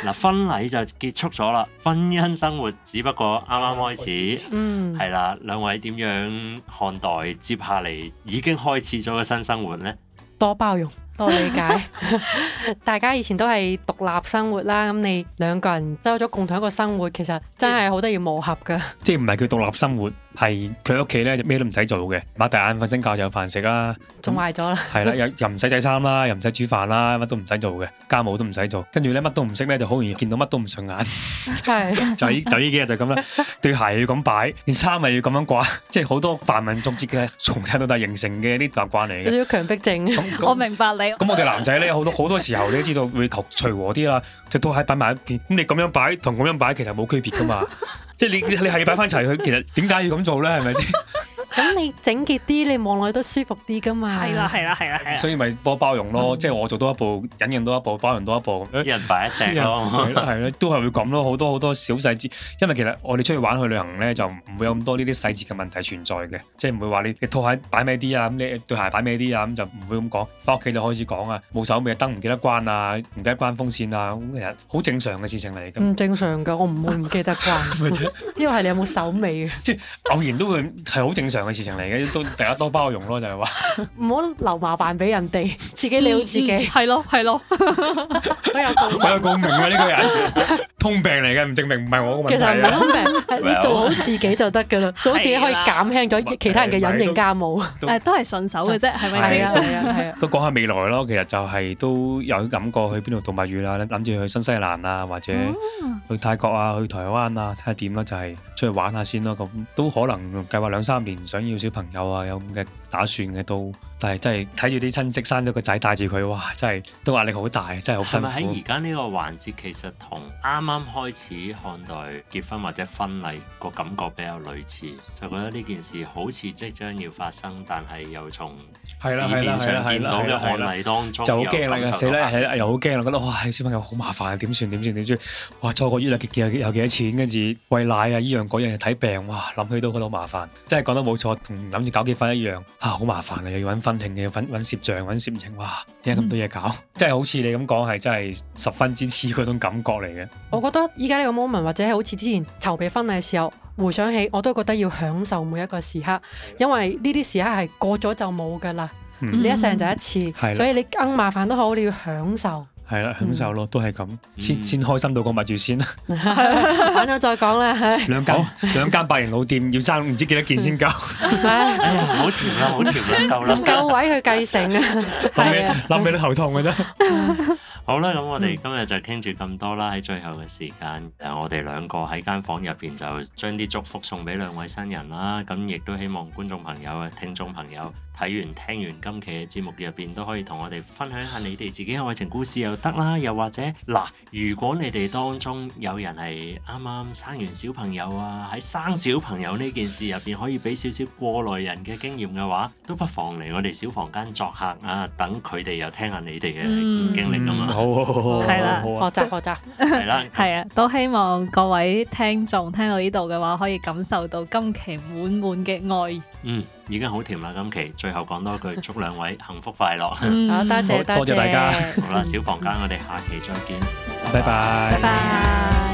S1: 嗱 婚禮就結束咗啦，婚姻生活只不過啱啱開始，
S4: 嗯，
S2: 係
S1: 啦。兩位點樣看待接下嚟已經開始咗嘅新生活呢？
S4: 多包容，多理解。 大家以前都係獨立生活啦，咁你兩個人走入咗共同一個生活，其實真係好需要磨合噶。
S1: 即係唔係
S3: 叫獨立生活？係佢屋企咧就咩都唔使做嘅，擘大眼瞓醒覺就有飯食啦，
S4: 仲壞咗啦，係啦又
S3: 又唔使洗衫啦，又唔使煮飯啦，乜都唔使做嘅，家務都唔使做，跟住咧乜都唔識咧就好容易見到乜都唔順眼，
S4: 係 就依、是、就依、
S3: 是、幾日就咁啦， 對鞋要咁擺，件衫咪要咁樣掛，即係好多繁文縟節嘅，從細到大形成嘅啲習慣嚟嘅，有
S4: 啲強迫症，我明白你。
S3: 咁 我哋男仔咧好多好多時候都知道會求隨和啲啦，只都喺擺埋一邊，咁你咁樣擺同咁樣擺其實冇區別噶嘛。 即係你你係要擺翻齊。佢，其實點解要咁做咧？係咪先？
S4: 咁你整潔啲，你望落去都舒服啲噶嘛？係啦、啊，係啦、啊，係啦、啊，係、啊。
S2: 所
S3: 以咪多包容咯，嗯、即係我做多一步，隱形多一步，包容多一步，一、哎、人擺一隻咯，係咯，係咯，都係會咁咯。好多好多小細節，因為其實我哋出去玩去旅行咧，就唔會有咁多呢啲細節嘅問題存在嘅，即係唔會話你你拖鞋擺咩啲啊，你對鞋擺咩啲啊，咁就唔會咁講。翻屋企就開始講啊，冇手尾燈唔記得關啊，唔記得關風扇啊，咁其實好正常嘅事情嚟。唔
S4: 正常㗎，我唔會唔記得關。 因為係你有冇手尾
S3: 啊？ 即係偶然都會係好正常，嘅事情嚟嘅，都大家多包容咯，就係話
S4: 唔好留麻煩俾人哋，自己理好自己，係咯，係咯，好有共，好
S3: 有共鳴啊！呢個人通病嚟嘅，唔證明唔係我嘅問題。其實唔通病，你做好自
S4: 己就得嘅啦，做好自己可以減輕咗其他人嘅隱形家務，誒都係順手嘅啫，係咪啊？係啊，係啊，
S3: 都講下未來咯。其實就係都有感覺去邊度動物園啦，諗住去新西蘭啊，或者去泰國啊，去台灣啊，睇下點咯，就係出去玩下先咯。咁都可能計劃兩三年。想要小朋友啊，有咁嘅打算嘅都，但係真係睇住啲親戚生咗個仔，帶住佢，哇！真係都壓力好大，真係好辛苦。係咪，喺而家
S1: 呢個環節，其實同啱啱開始看待結婚或者婚禮個感覺比較類似，就覺得呢件事好似即將要發生，但係又從視線上見到嘅案例當中就好驚啦，
S3: 死啦，又好驚啦，覺得哇！小朋友好麻煩，點算點算點算？哇！坐個月啊，結結幾多錢，跟住餵奶啊，依樣嗰樣，睇病哇！諗起都覺得好麻煩，真係講得冇同諗住搞結婚一樣，嚇、啊、好麻煩啊！又要揾婚慶又要揾攝像，揾攝影，哇！點解咁多嘢搞？即係、嗯、好似你咁講，係真係十分之似嗰種感覺嚟嘅。
S4: 我覺得依家呢個 moment 或者好似之前籌備婚禮嘅時候，回想起我都覺得要享受每一個時刻，因為呢啲時刻係過咗就冇㗎啦，嗯、你一生就一次，嗯、所以你更麻煩都好，你要享受。
S3: 係啦，享受咯，都係咁，先先開心到個蜜住先啦，
S4: 等我再講啦。
S3: 兩間 兩間百年老店要生唔知幾多件先夠，
S4: 好
S3: 甜啦，好甜啦夠啦，夠
S4: 位去繼承啊，諗起諗
S1: 起都頭痛嘅啫。 好啦，咁我哋今日就傾住咁多啦。喺最後嘅時間，誒，我哋兩個喺間房入邊就將啲祝福送俾兩位新人啦。咁亦都希望觀眾朋友啊、聽眾朋友睇完聽完今期嘅節目入邊，都可以同我哋分享下你哋自己嘅愛情故事又得啦。又或者嗱，如果你哋當中有人係啱啱生完小朋友啊，喺生小朋友呢件事入邊可以俾少少過來人嘅經驗嘅話，都不妨嚟我哋小房間作客啊，等佢哋又聽下你哋嘅經歷咁嘛。Mm hmm. 好，好，好，係 啦，學習學習，係啦，係
S2: 啊， 都希望各位聽眾聽到呢度嘅話，可以感受到今期滿滿嘅愛。
S1: 嗯，已經好甜啦！今期最後講多句，祝兩位幸福快樂、 嗯。好，多謝多謝，多謝大家。 好啦，小房間我哋下期再見，拜
S3: 拜。拜拜。